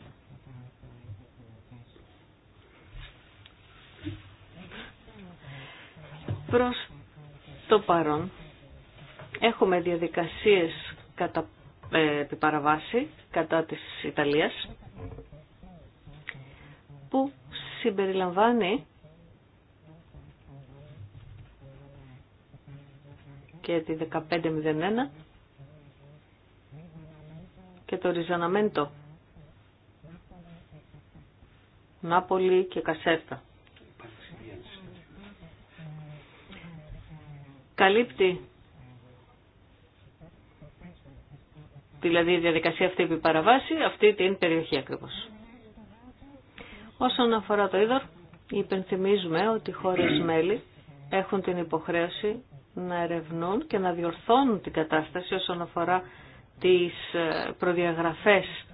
Προς το παρόν έχουμε διαδικασίες κατά ε, παραβάση κατά της Ιταλίας που συμπεριλαμβάνει και τη 1501 και το Ριζαναμέντο Νάπολη και Κασέρτα. καλύπτει δηλαδή η διαδικασία αυτή επί παραβάση, αυτή την περιοχή ακριβώς. Όσον αφορά το είδωρ, υπενθυμίζουμε ότι οι χώρες μέλη έχουν την υποχρέωση να ερευνούν και να διορθώνουν την κατάσταση όσον αφορά τις ε, προδιαγραφές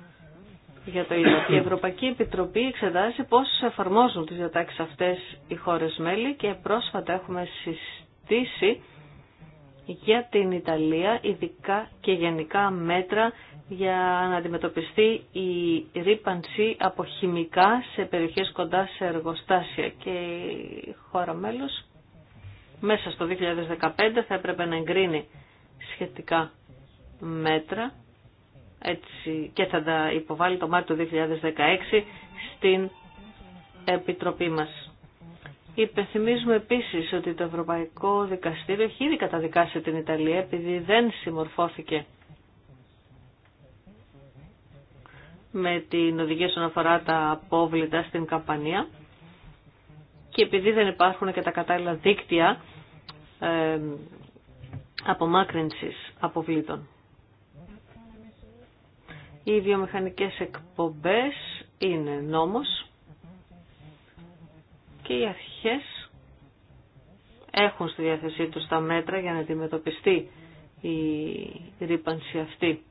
για το ίδιο. Η Ευρωπαϊκή Επιτροπή εξετάζει πώς εφαρμόζουν τις διατάξεις αυτές οι χώρες μέλη και πρόσφατα έχουμε συστήσει για την Ιταλία, ειδικά και γενικά μέτρα για να αντιμετωπιστεί η ρήπανση από χημικά σε περιοχές κοντά σε εργοστάσια και η χώρα μέλος μέσα στο 2015 θα έπρεπε να εγκρίνει σχετικά μέτρα έτσι, και θα τα υποβάλει το Μάρτιο του 2016 στην Επιτροπή μας. Υπενθυμίζουμε επίση ότι το Ευρωπαϊκό Δικαστήριο έχει ήδη καταδικάσει την Ιταλία επειδή δεν συμμορφώθηκε με την οδηγία στον αφορά τα απόβλητα στην Καμπανία και επειδή δεν υπάρχουν και τα κατάλληλα δίκτυα ε, απομάκρυνσης αποβλήτων. Οι βιομηχανικές εκπομπές είναι νόμος και οι αρχές έχουν στη διάθεσή τους τα μέτρα για να αντιμετωπιστεί η ρήπανση αυτή.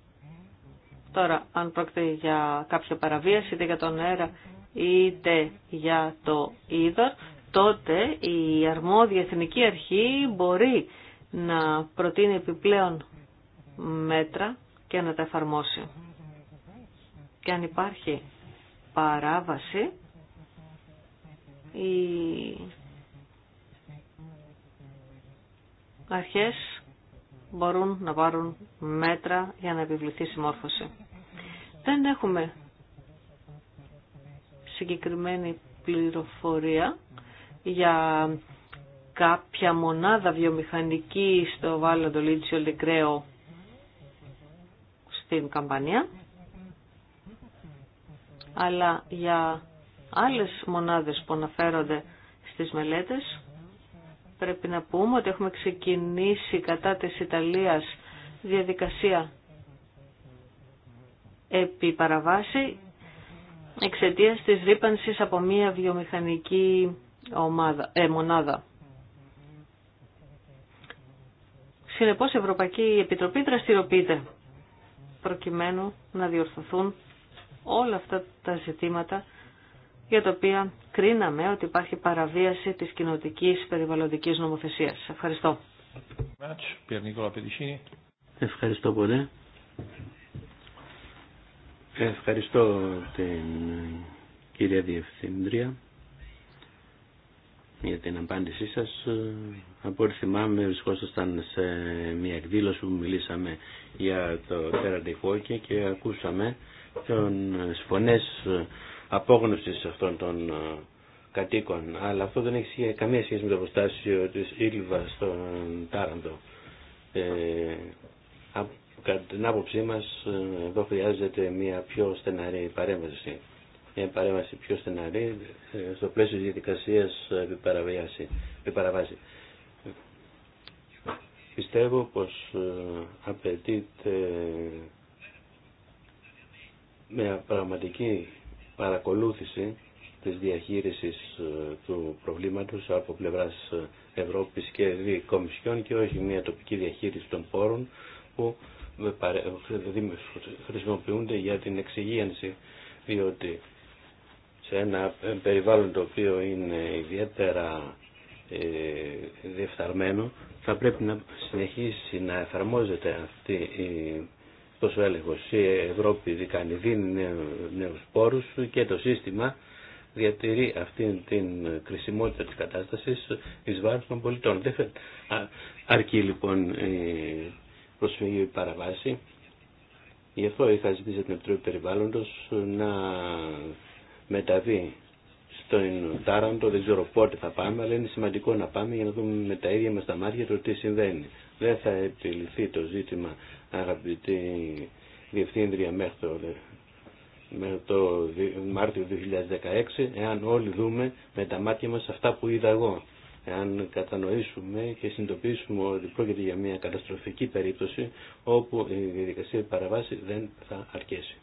Τώρα, αν πρόκειται για κάποια παραβίαση, είτε για τον αέρα, είτε για το είδωρ, τότε η αρμόδια εθνική αρχή μπορεί να προτείνει επιπλέον μέτρα και να τα εφαρμόσει. Και αν υπάρχει παράβαση, οι αρχές μπορούν να πάρουν μέτρα για να επιβληθεί συμμόρφωση. Δεν έχουμε συγκεκριμένη πληροφορία για κάποια μονάδα βιομηχανική στο Βάλλοντο Λίτσιο Λεγκρέο στην Καμπανία αλλά για άλλες μονάδες που αναφέρονται στις μελέτες. Πρέπει να πούμε ότι έχουμε ξεκινήσει κατά της Ιταλίας διαδικασία επί παραβάση εξαιτίας της ρήπανσης από μία βιομηχανική ομάδα, ε, μονάδα. Συνεπώς η Ευρωπαϊκή Επιτροπή δραστηριοποιείται προκειμένου να διορθωθούν όλα αυτά τα ζητήματα για τα οποία κρίναμε ότι υπάρχει παραβίαση της κοινοτική περιβαλλοντικής νομοθεσίας. Ευχαριστώ. Ευχαριστώ πολύ. Ευχαριστώ την κυρία Διευθύντρια για την απάντησή σας. Από ό,τι θυμάμαι βρισκόσασταν σε μια εκδήλωση που μιλήσαμε για το Τέραντι και ακούσαμε τι φωνές απόγνωσης αυτών των ε, κατοίκων. Αλλά αυτό δεν έχει καμία σχέση με το αποστάσιο της Ήλβα στον Τάραντο. Ε, κατά την άποψή μας ε, εδώ χρειάζεται μια πιο στεναρή παρέμβαση. Μια παρέμβαση πιο στεναρή ε, στο πλαίσιο της διαδικασίας επιπαραβάση. Πιστεύω πως απαιτείται μια πραγματική παρακολούθηση της διαχείρισης ε, του προβλήματος από πλευράς ε, Ευρώπης και Κομισιόν και όχι μια τοπική διαχείριση των πόρων που ε, χρησιμοποιούνται για την εξυγίανση διότι σε ένα περιβάλλον το οποίο είναι ιδιαίτερα διεφθαρμένο θα πρέπει να συνεχίσει να εφαρμόζεται αυτή η πόσο έλεγχο Η Ευρώπη δικάνει, δίνει νέου πόρου και το σύστημα διατηρεί αυτήν την κρισιμότητα της κατάστασης εις βάρος των πολιτών. Δεν αρκεί λοιπόν η προσφυγή παραβάση. Γι' αυτό είχα ζητήσει την Επιτροπή Περιβάλλοντος να μεταβεί στον Τάραντο, δεν ξέρω πότε θα πάμε, αλλά είναι σημαντικό να πάμε για να δούμε με τα ίδια μας τα μάτια το τι συμβαίνει δεν θα επιληθεί το ζήτημα αγαπητή Διευθύντρια μέχρι το, μέχρι το Μάρτιο 2016 εάν όλοι δούμε με τα μάτια μας αυτά που είδα εγώ. Εάν κατανοήσουμε και συνειδητοποιήσουμε ότι πρόκειται για μια καταστροφική περίπτωση όπου η διαδικασία παραβάση δεν θα αρκέσει.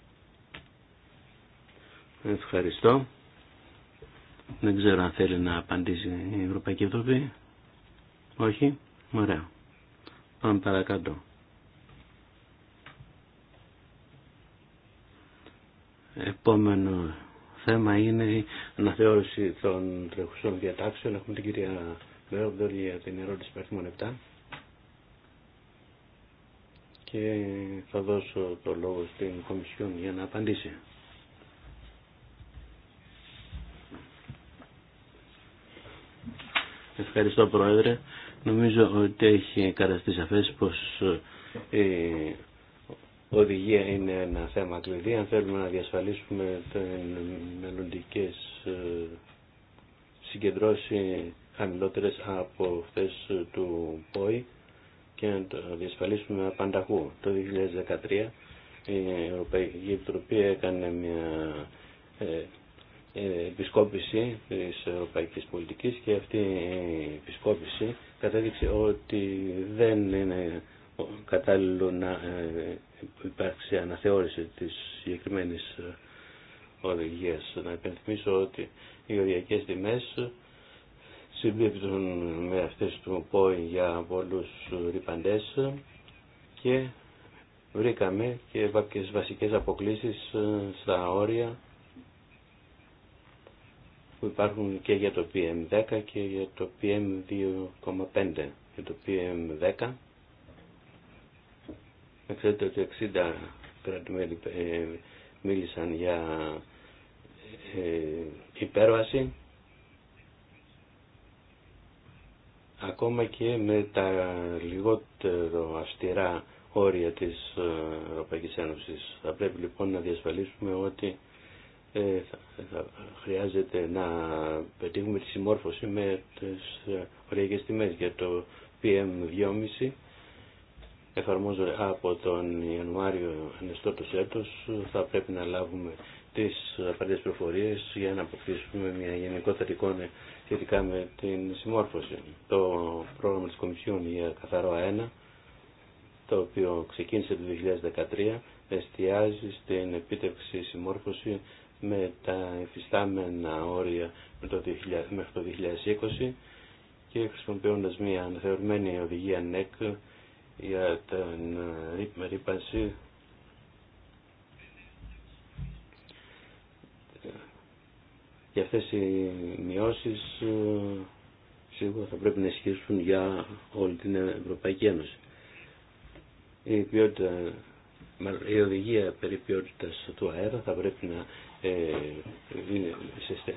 Ευχαριστώ. Δεν ξέρω αν θέλει να απαντήσει η Ευρωπαϊκή Επιτροπή. Όχι. Ωραία. Πάμε παρακάτω. Επόμενο θέμα είναι η αναθεώρηση των τρεχουσών διατάξεων. Έχουμε την κυρία Βέροντολ για την ερώτηση παριθμών 7. Και θα δώσω το λόγο στην Κομισιόν για να απαντήσει. Ευχαριστώ Πρόεδρε. Νομίζω ότι έχει καταστεί σαφές πως ε, η οδηγία είναι ένα θέμα κλειδί. Αν θέλουμε να διασφαλίσουμε μελλοντικέ ε, συγκεντρώσει χαμηλότερες από αυτές του ΠΟΗ και να το διασφαλίσουμε πανταχού. Το 2013 η Ευρωπαϊκή Επιτροπή έκανε μια ε, επισκόπηση της ευρωπαϊκής πολιτικής και αυτή η επισκόπηση κατέδειξε ότι δεν είναι κατάλληλο να ε, υπάρξει αναθεώρηση της συγκεκριμένη ε, οδηγίας. Να υπενθυμίσω ότι οι οριακές τιμές συμπίπτουν με αυτές του ΠΟΗ για πολλούς ρηπαντές και βρήκαμε και κάποιες βασικές αποκλήσεις ε, στα όρια που υπάρχουν και για το PM10 και για το PM2,5. Για το PM10 ξέρετε ότι 60 κρατημένοι ε, μίλησαν για ε, υπέρβαση ακόμα και με τα λιγότερο αυστηρά όρια της ε, Ευρωπαϊκής Ένωσης. Θα πρέπει λοιπόν να διασφαλίσουμε ότι ε, θα χρειάζεται να πετύχουμε τη συμμόρφωση με τις ωριακές ε, τιμές για το PM2,5 εφαρμόζονται από τον Ιανουάριο ανεστώτος έτος θα πρέπει να λάβουμε τις απαραίτητες προφορίες για να αποκτήσουμε μια γενικότερη εικόνα σχετικά με την συμμόρφωση. Το πρόγραμμα της Κομισιόν για καθαρό αένα το οποίο ξεκίνησε το 2013 εστιάζει στην επίτευξη συμμόρφωση με τα εφιστάμενα όρια μέχρι το 2020 και χρησιμοποιώντας μια αναθεωρημένη οδηγία NEC για την ε, ρήπανση για αυτές οι μειώσεις ε, σίγουρα θα πρέπει να ισχύσουν για όλη την Ευρωπαϊκή Ένωση. Η, η οδηγία περί ποιότητας του αέρα θα πρέπει να ε,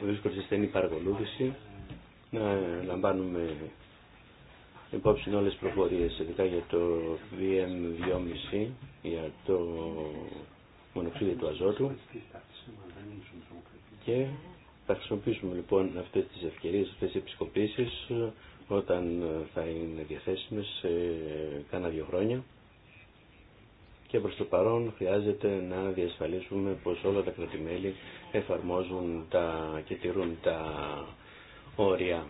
βρίσκονται σε στενή παρακολούθηση, να λαμβάνουμε υπόψη όλε τις προφορίε, ειδικά για το VM2,5, για το μονοξίδιο του αζότου και θα χρησιμοποιήσουμε λοιπόν αυτέ τι ευκαιρίες, αυτέ τι επισκοπήσεις ε, όταν θα είναι διαθέσιμε σε κάνα δύο χρόνια και προς το παρόν χρειάζεται να διασφαλίσουμε πως όλα τα κρατημέλη εφαρμόζουν τα και τηρούν τα όρια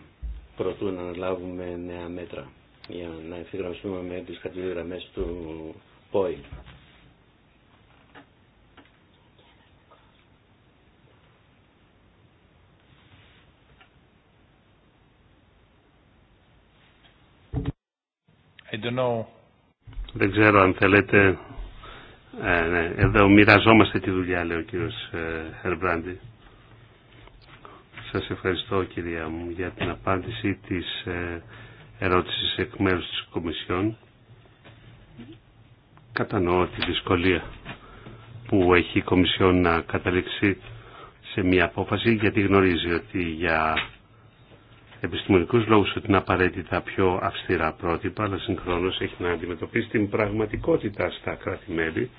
προτού να λάβουμε νέα μέτρα για να ευθυγραμμιστούμε με τις κατηγραμμές του ΠΟΗ. Δεν ξέρω αν θέλετε ε, ναι, εδώ μοιραζόμαστε τη δουλειά, λέει ο κύριος ε, Ερμπράντη. Σας ευχαριστώ κυρία μου για την απάντηση της ε, ερώτησης εκ μέρους της Κομισιόν. Κατανοώ τη δυσκολία που έχει η Κομισιόν να καταλήξει σε μια απόφαση γιατί γνωρίζει ότι για επιστημονικούς λόγους ότι είναι απαραίτητα πιο αυστηρά πρότυπα, αλλά συγχρόνως έχει να αντιμετωπίσει την πραγματικότητα στα κράτη-μέλη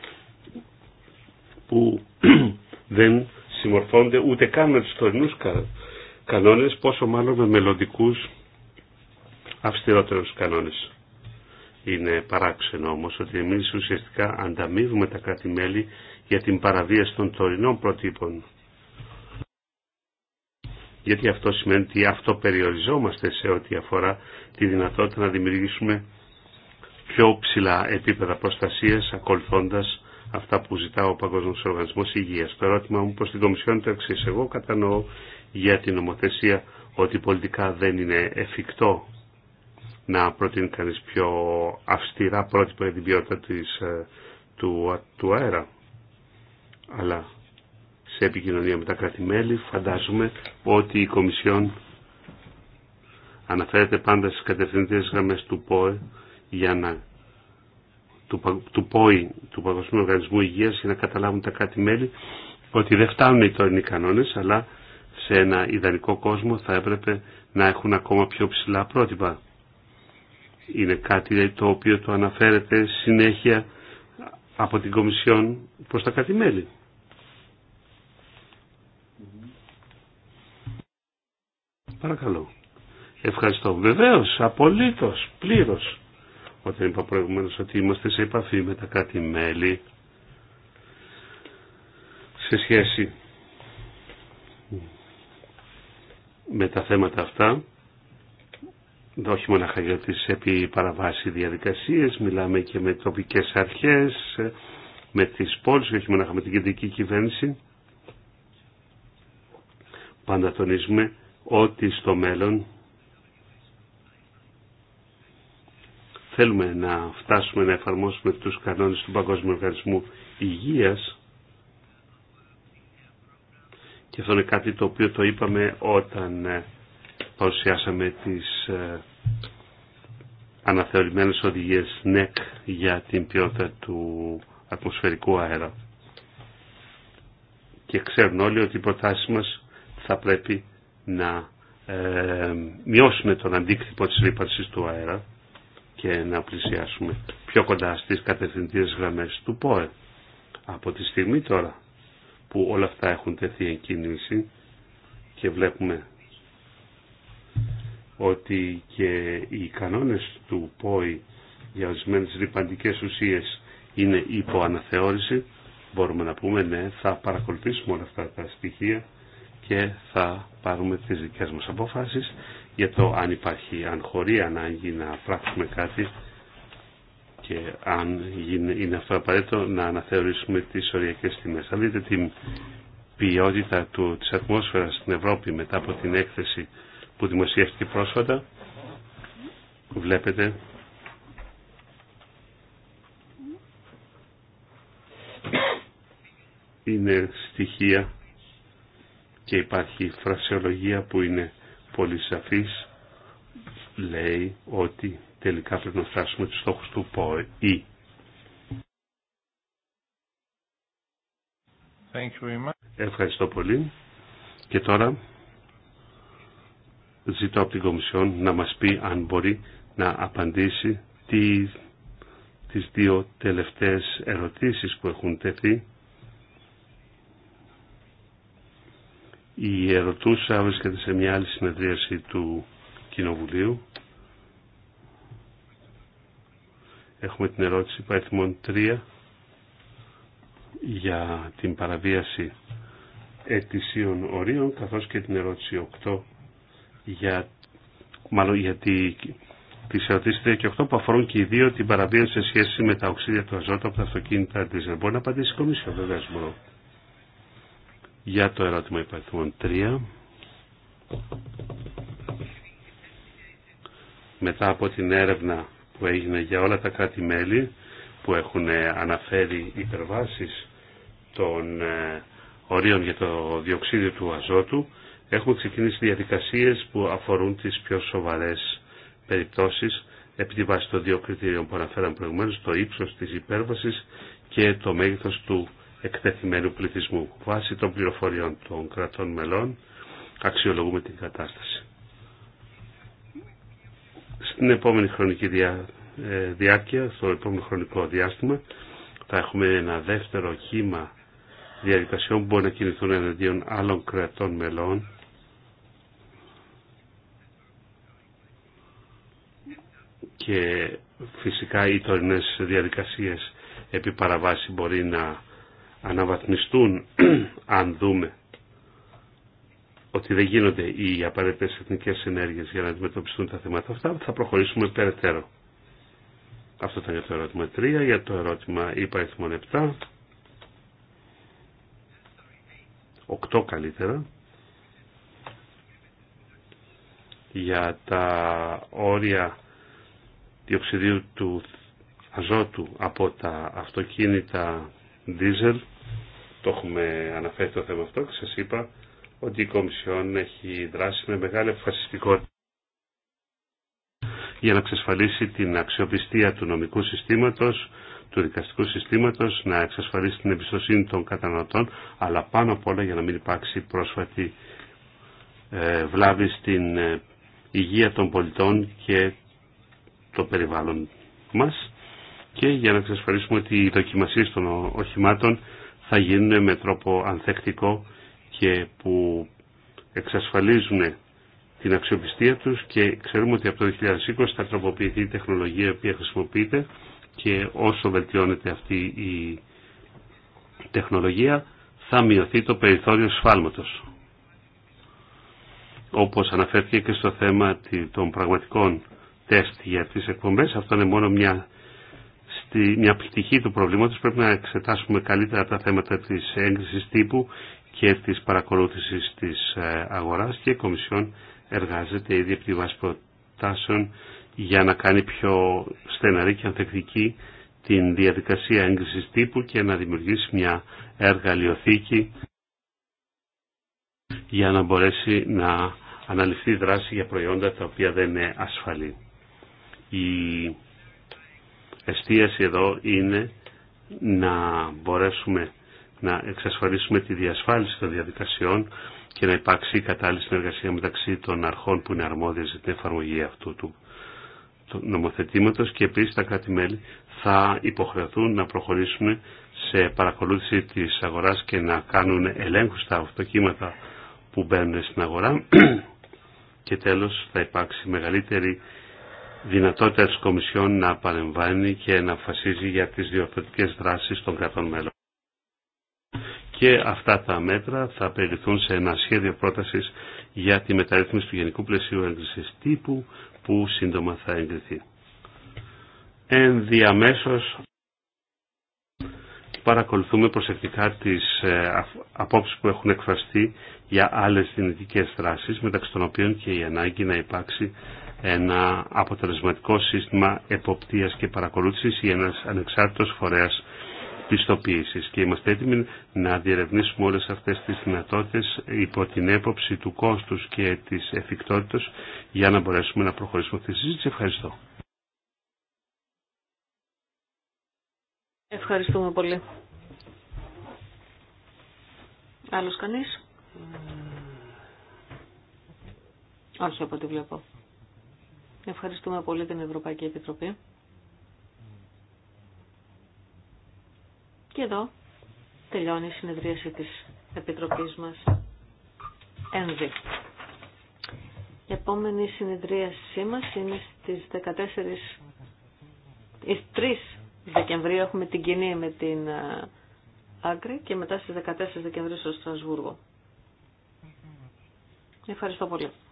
που δεν συμμορφώνται ούτε καν με τους τωρινούς κανόνες, πόσο μάλλον με μελλοντικού αυστηρότερους κανόνες. Είναι παράξενο όμως ότι εμείς ουσιαστικά ανταμείβουμε τα κράτη-μέλη για την παραβίαση των τωρινών προτύπων γιατί αυτό σημαίνει ότι αυτοπεριοριζόμαστε σε ό,τι αφορά τη δυνατότητα να δημιουργήσουμε πιο ψηλά επίπεδα προστασίας ακολουθώντας αυτά που ζητά ο Παγκόσμιος Οργανισμός Υγείας. Το ερώτημα μου προς την Κομισιόν είναι το εξής. Εγώ κατανοώ για την νομοθεσία ότι πολιτικά δεν είναι εφικτό να προτείνει κανείς πιο αυστηρά πρότυπα για την ποιότητα της, ε, του, αέρα. Αλλά σε επικοινωνία με τα κράτη-μέλη. Φαντάζομαι ότι η Κομισιόν αναφέρεται πάντα στις κατευθυντές γραμμές του ΠΟΕ για να του, του ΠΟΗ, του Παγκοσμίου Οργανισμού Υγείας, για να καταλάβουν τα κράτη-μέλη ότι δεν φτάνουν οι τωρινοί κανόνες, αλλά σε ένα ιδανικό κόσμο θα έπρεπε να έχουν ακόμα πιο ψηλά πρότυπα. Είναι κάτι το οποίο το αναφέρεται συνέχεια από την Κομισιόν προς τα κράτη-μέλη. Παρακαλώ. Ευχαριστώ. Βεβαίω, απολύτως, πλήρω. Όταν είπα προηγουμένως ότι είμαστε σε επαφή με τα κάτι μέλη σε σχέση με τα θέματα αυτά, όχι μόνο για τι επί παραβάσει διαδικασίες, μιλάμε και με τοπικές αρχές, με τις πόλεις, όχι μόνο με την κεντρική κυβέρνηση. Πάντα τονίζουμε ότι στο μέλλον θέλουμε να φτάσουμε να εφαρμόσουμε τους κανόνες του Παγκόσμιου Οργανισμού Υγείας και αυτό είναι κάτι το οποίο το είπαμε όταν ε, παρουσιάσαμε τις ε, αναθεωρημένες οδηγίες ΝΕΚ για την ποιότητα του ατμοσφαιρικού αέρα. Και ξέρουν όλοι ότι οι προτάσεις μας θα πρέπει να ε, μειώσουμε τον αντίκτυπο της ρήπανσης του αέρα και να πλησιάσουμε πιο κοντά στις κατευθυντήρες γραμμές του ΠΟΕ. Από τη στιγμή τώρα που όλα αυτά έχουν τεθεί εν κίνηση και βλέπουμε ότι και οι κανόνες του ΠΟΗ για ορισμένε ρηπαντικές ουσίες είναι υπό αναθεώρηση, μπορούμε να πούμε ναι, θα παρακολουθήσουμε όλα αυτά τα στοιχεία και θα πάρουμε τις δικές μας αποφάσεις για το αν υπάρχει, αν χωρεί ανάγκη να πράξουμε κάτι και αν είναι αυτό απαραίτητο να αναθεωρήσουμε τις οριακές τιμές. Αν δείτε την ποιότητα του, της ατμόσφαιρας στην Ευρώπη μετά από την έκθεση που δημοσιεύτηκε πρόσφατα, βλέπετε είναι στοιχεία και υπάρχει φρασιολογία που είναι πολύ σαφής λέει ότι τελικά πρέπει να φτάσουμε τους στόχους του ΠΟΗ. Ευχαριστώ πολύ. Και τώρα ζητώ από την Κομισιόν να μας πει αν μπορεί να απαντήσει τι τις δύο τελευταίες ερωτήσεις που έχουν τεθεί Η ερωτούσα βρίσκεται σε μια άλλη συνεδρίαση του Κοινοβουλίου. Έχουμε την ερώτηση παρέθμων 3 για την παραβίαση ετησίων ορίων καθώς και την ερώτηση 8 για, μάλλον γιατί τις ερωτήσεις 3 και 8 που αφορούν και οι δύο την παραβίαση σε σχέση με τα οξύδια του αζώτα από τα αυτοκίνητα της. μπορεί να απαντήσει η Κομίσιο, βέβαια, μπορώ για το ερώτημα υπαριθμών 3. Μετά από την έρευνα που έγινε για όλα τα κράτη-μέλη που έχουν ε, αναφέρει υπερβάσεις των ε, ορίων για το διοξίδιο του αζότου, έχουμε ξεκινήσει διαδικασίες που αφορούν τις πιο σοβαρές περιπτώσεις επί τη βάση των δύο κριτήριων που αναφέραμε προηγουμένως, το ύψος της υπέρβασης και το μέγεθος του εκτεθειμένου πληθυσμού. Βάσει των πληροφοριών των κρατών μελών αξιολογούμε την κατάσταση. Στην επόμενη χρονική διά, ε, διάρκεια, στο επόμενο χρονικό διάστημα, θα έχουμε ένα δεύτερο κύμα διαδικασιών που μπορεί να κινηθούν εναντίον άλλων κρατών μελών και φυσικά οι τωρινές διαδικασίες επί παραβάση μπορεί να αναβαθμιστούν αν δούμε ότι δεν γίνονται οι απαραίτητες εθνικές ενέργειες για να αντιμετωπιστούν τα θέματα αυτά, θα προχωρήσουμε περαιτέρω. Αυτό ήταν για το ερώτημα 3. Για το ερώτημα είπα αριθμόν 7. 8 καλύτερα. Για τα όρια διοξιδίου του αζότου από τα αυτοκίνητα δίζελ το έχουμε αναφέρει το θέμα αυτό και σας είπα ότι η Κομισιόν έχει δράσει με μεγάλη αποφασιστικότητα για να εξασφαλίσει την αξιοπιστία του νομικού συστήματος, του δικαστικού συστήματος, να εξασφαλίσει την εμπιστοσύνη των καταναλωτών, αλλά πάνω απ' όλα για να μην υπάρξει πρόσφατη ε, βλάβη στην ε, υγεία των πολιτών και το περιβάλλον μας και για να εξασφαλίσουμε ότι οι δοκιμασίες των οχημάτων θα γίνουν με τρόπο ανθεκτικό και που εξασφαλίζουν την αξιοπιστία τους και ξέρουμε ότι από το 2020 θα τροποποιηθεί η τεχνολογία η οποία χρησιμοποιείται και όσο βελτιώνεται αυτή η τεχνολογία θα μειωθεί το περιθώριο σφάλματος. Όπως αναφέρθηκε και στο θέμα των πραγματικών τεστ για τις εκπομπές, αυτό είναι μόνο μια μια πτυχή του προβλήματος πρέπει να εξετάσουμε καλύτερα τα θέματα της έγκρισης τύπου και της παρακολούθησης της ε, αγοράς και η Κομισιόν εργάζεται ήδη από τη βάση προτάσεων για να κάνει πιο στεναρή και ανθεκτική την διαδικασία έγκρισης τύπου και να δημιουργήσει μια εργαλειοθήκη για να μπορέσει να αναλυφθεί δράση για προϊόντα τα οποία δεν είναι ασφαλή εστίαση εδώ είναι να μπορέσουμε να εξασφαλίσουμε τη διασφάλιση των διαδικασιών και να υπάρξει κατάλληλη συνεργασία μεταξύ των αρχών που είναι αρμόδιες για την εφαρμογή αυτού του νομοθετήματος και επίσης τα κράτη-μέλη θα υποχρεωθούν να προχωρήσουν σε παρακολούθηση της αγοράς και να κάνουν ελέγχους στα αυτοκίνητα που μπαίνουν στην αγορά και τέλος θα υπάρξει μεγαλύτερη δυνατότητα της Κομισιόν να παρεμβάνει και να αποφασίζει για τις διορθωτικές δράσεις των κρατών μέλων. Και αυτά τα μέτρα θα περιληφθούν σε ένα σχέδιο πρότασης για τη μεταρρύθμιση του Γενικού Πλαισίου Έγκρισης Τύπου που σύντομα θα εγκριθεί. διαμέσως παρακολουθούμε προσεκτικά τις ε, απόψεις που έχουν εκφραστεί για άλλες δυνητικές δράσεις μεταξύ των οποίων και η ανάγκη να υπάρξει ένα αποτελεσματικό σύστημα εποπτείας και παρακολούθησης ή ένας ανεξάρτητος φορέας πιστοποίησης. Και είμαστε έτοιμοι να διερευνήσουμε όλες αυτές τις δυνατότητες υπό την έποψη του κόστους και της εφικτότητας για να μπορέσουμε να προχωρήσουμε αυτή τη συζήτηση. Ευχαριστώ. Ευχαριστούμε πολύ. Άλλος κανείς. Όχι από ό,τι βλέπω. Ευχαριστούμε πολύ την Ευρωπαϊκή Επιτροπή. Και εδώ τελειώνει η συνεδρίαση της Επιτροπής μας. Ένδυ. Η επόμενη συνεδρίασή μας είναι στις 14 στις 3 Δεκεμβρίου έχουμε την κοινή με την ε, Άγκρη και μετά στις 14 Δεκεμβρίου στο Στρασβούργο. Ευχαριστώ πολύ.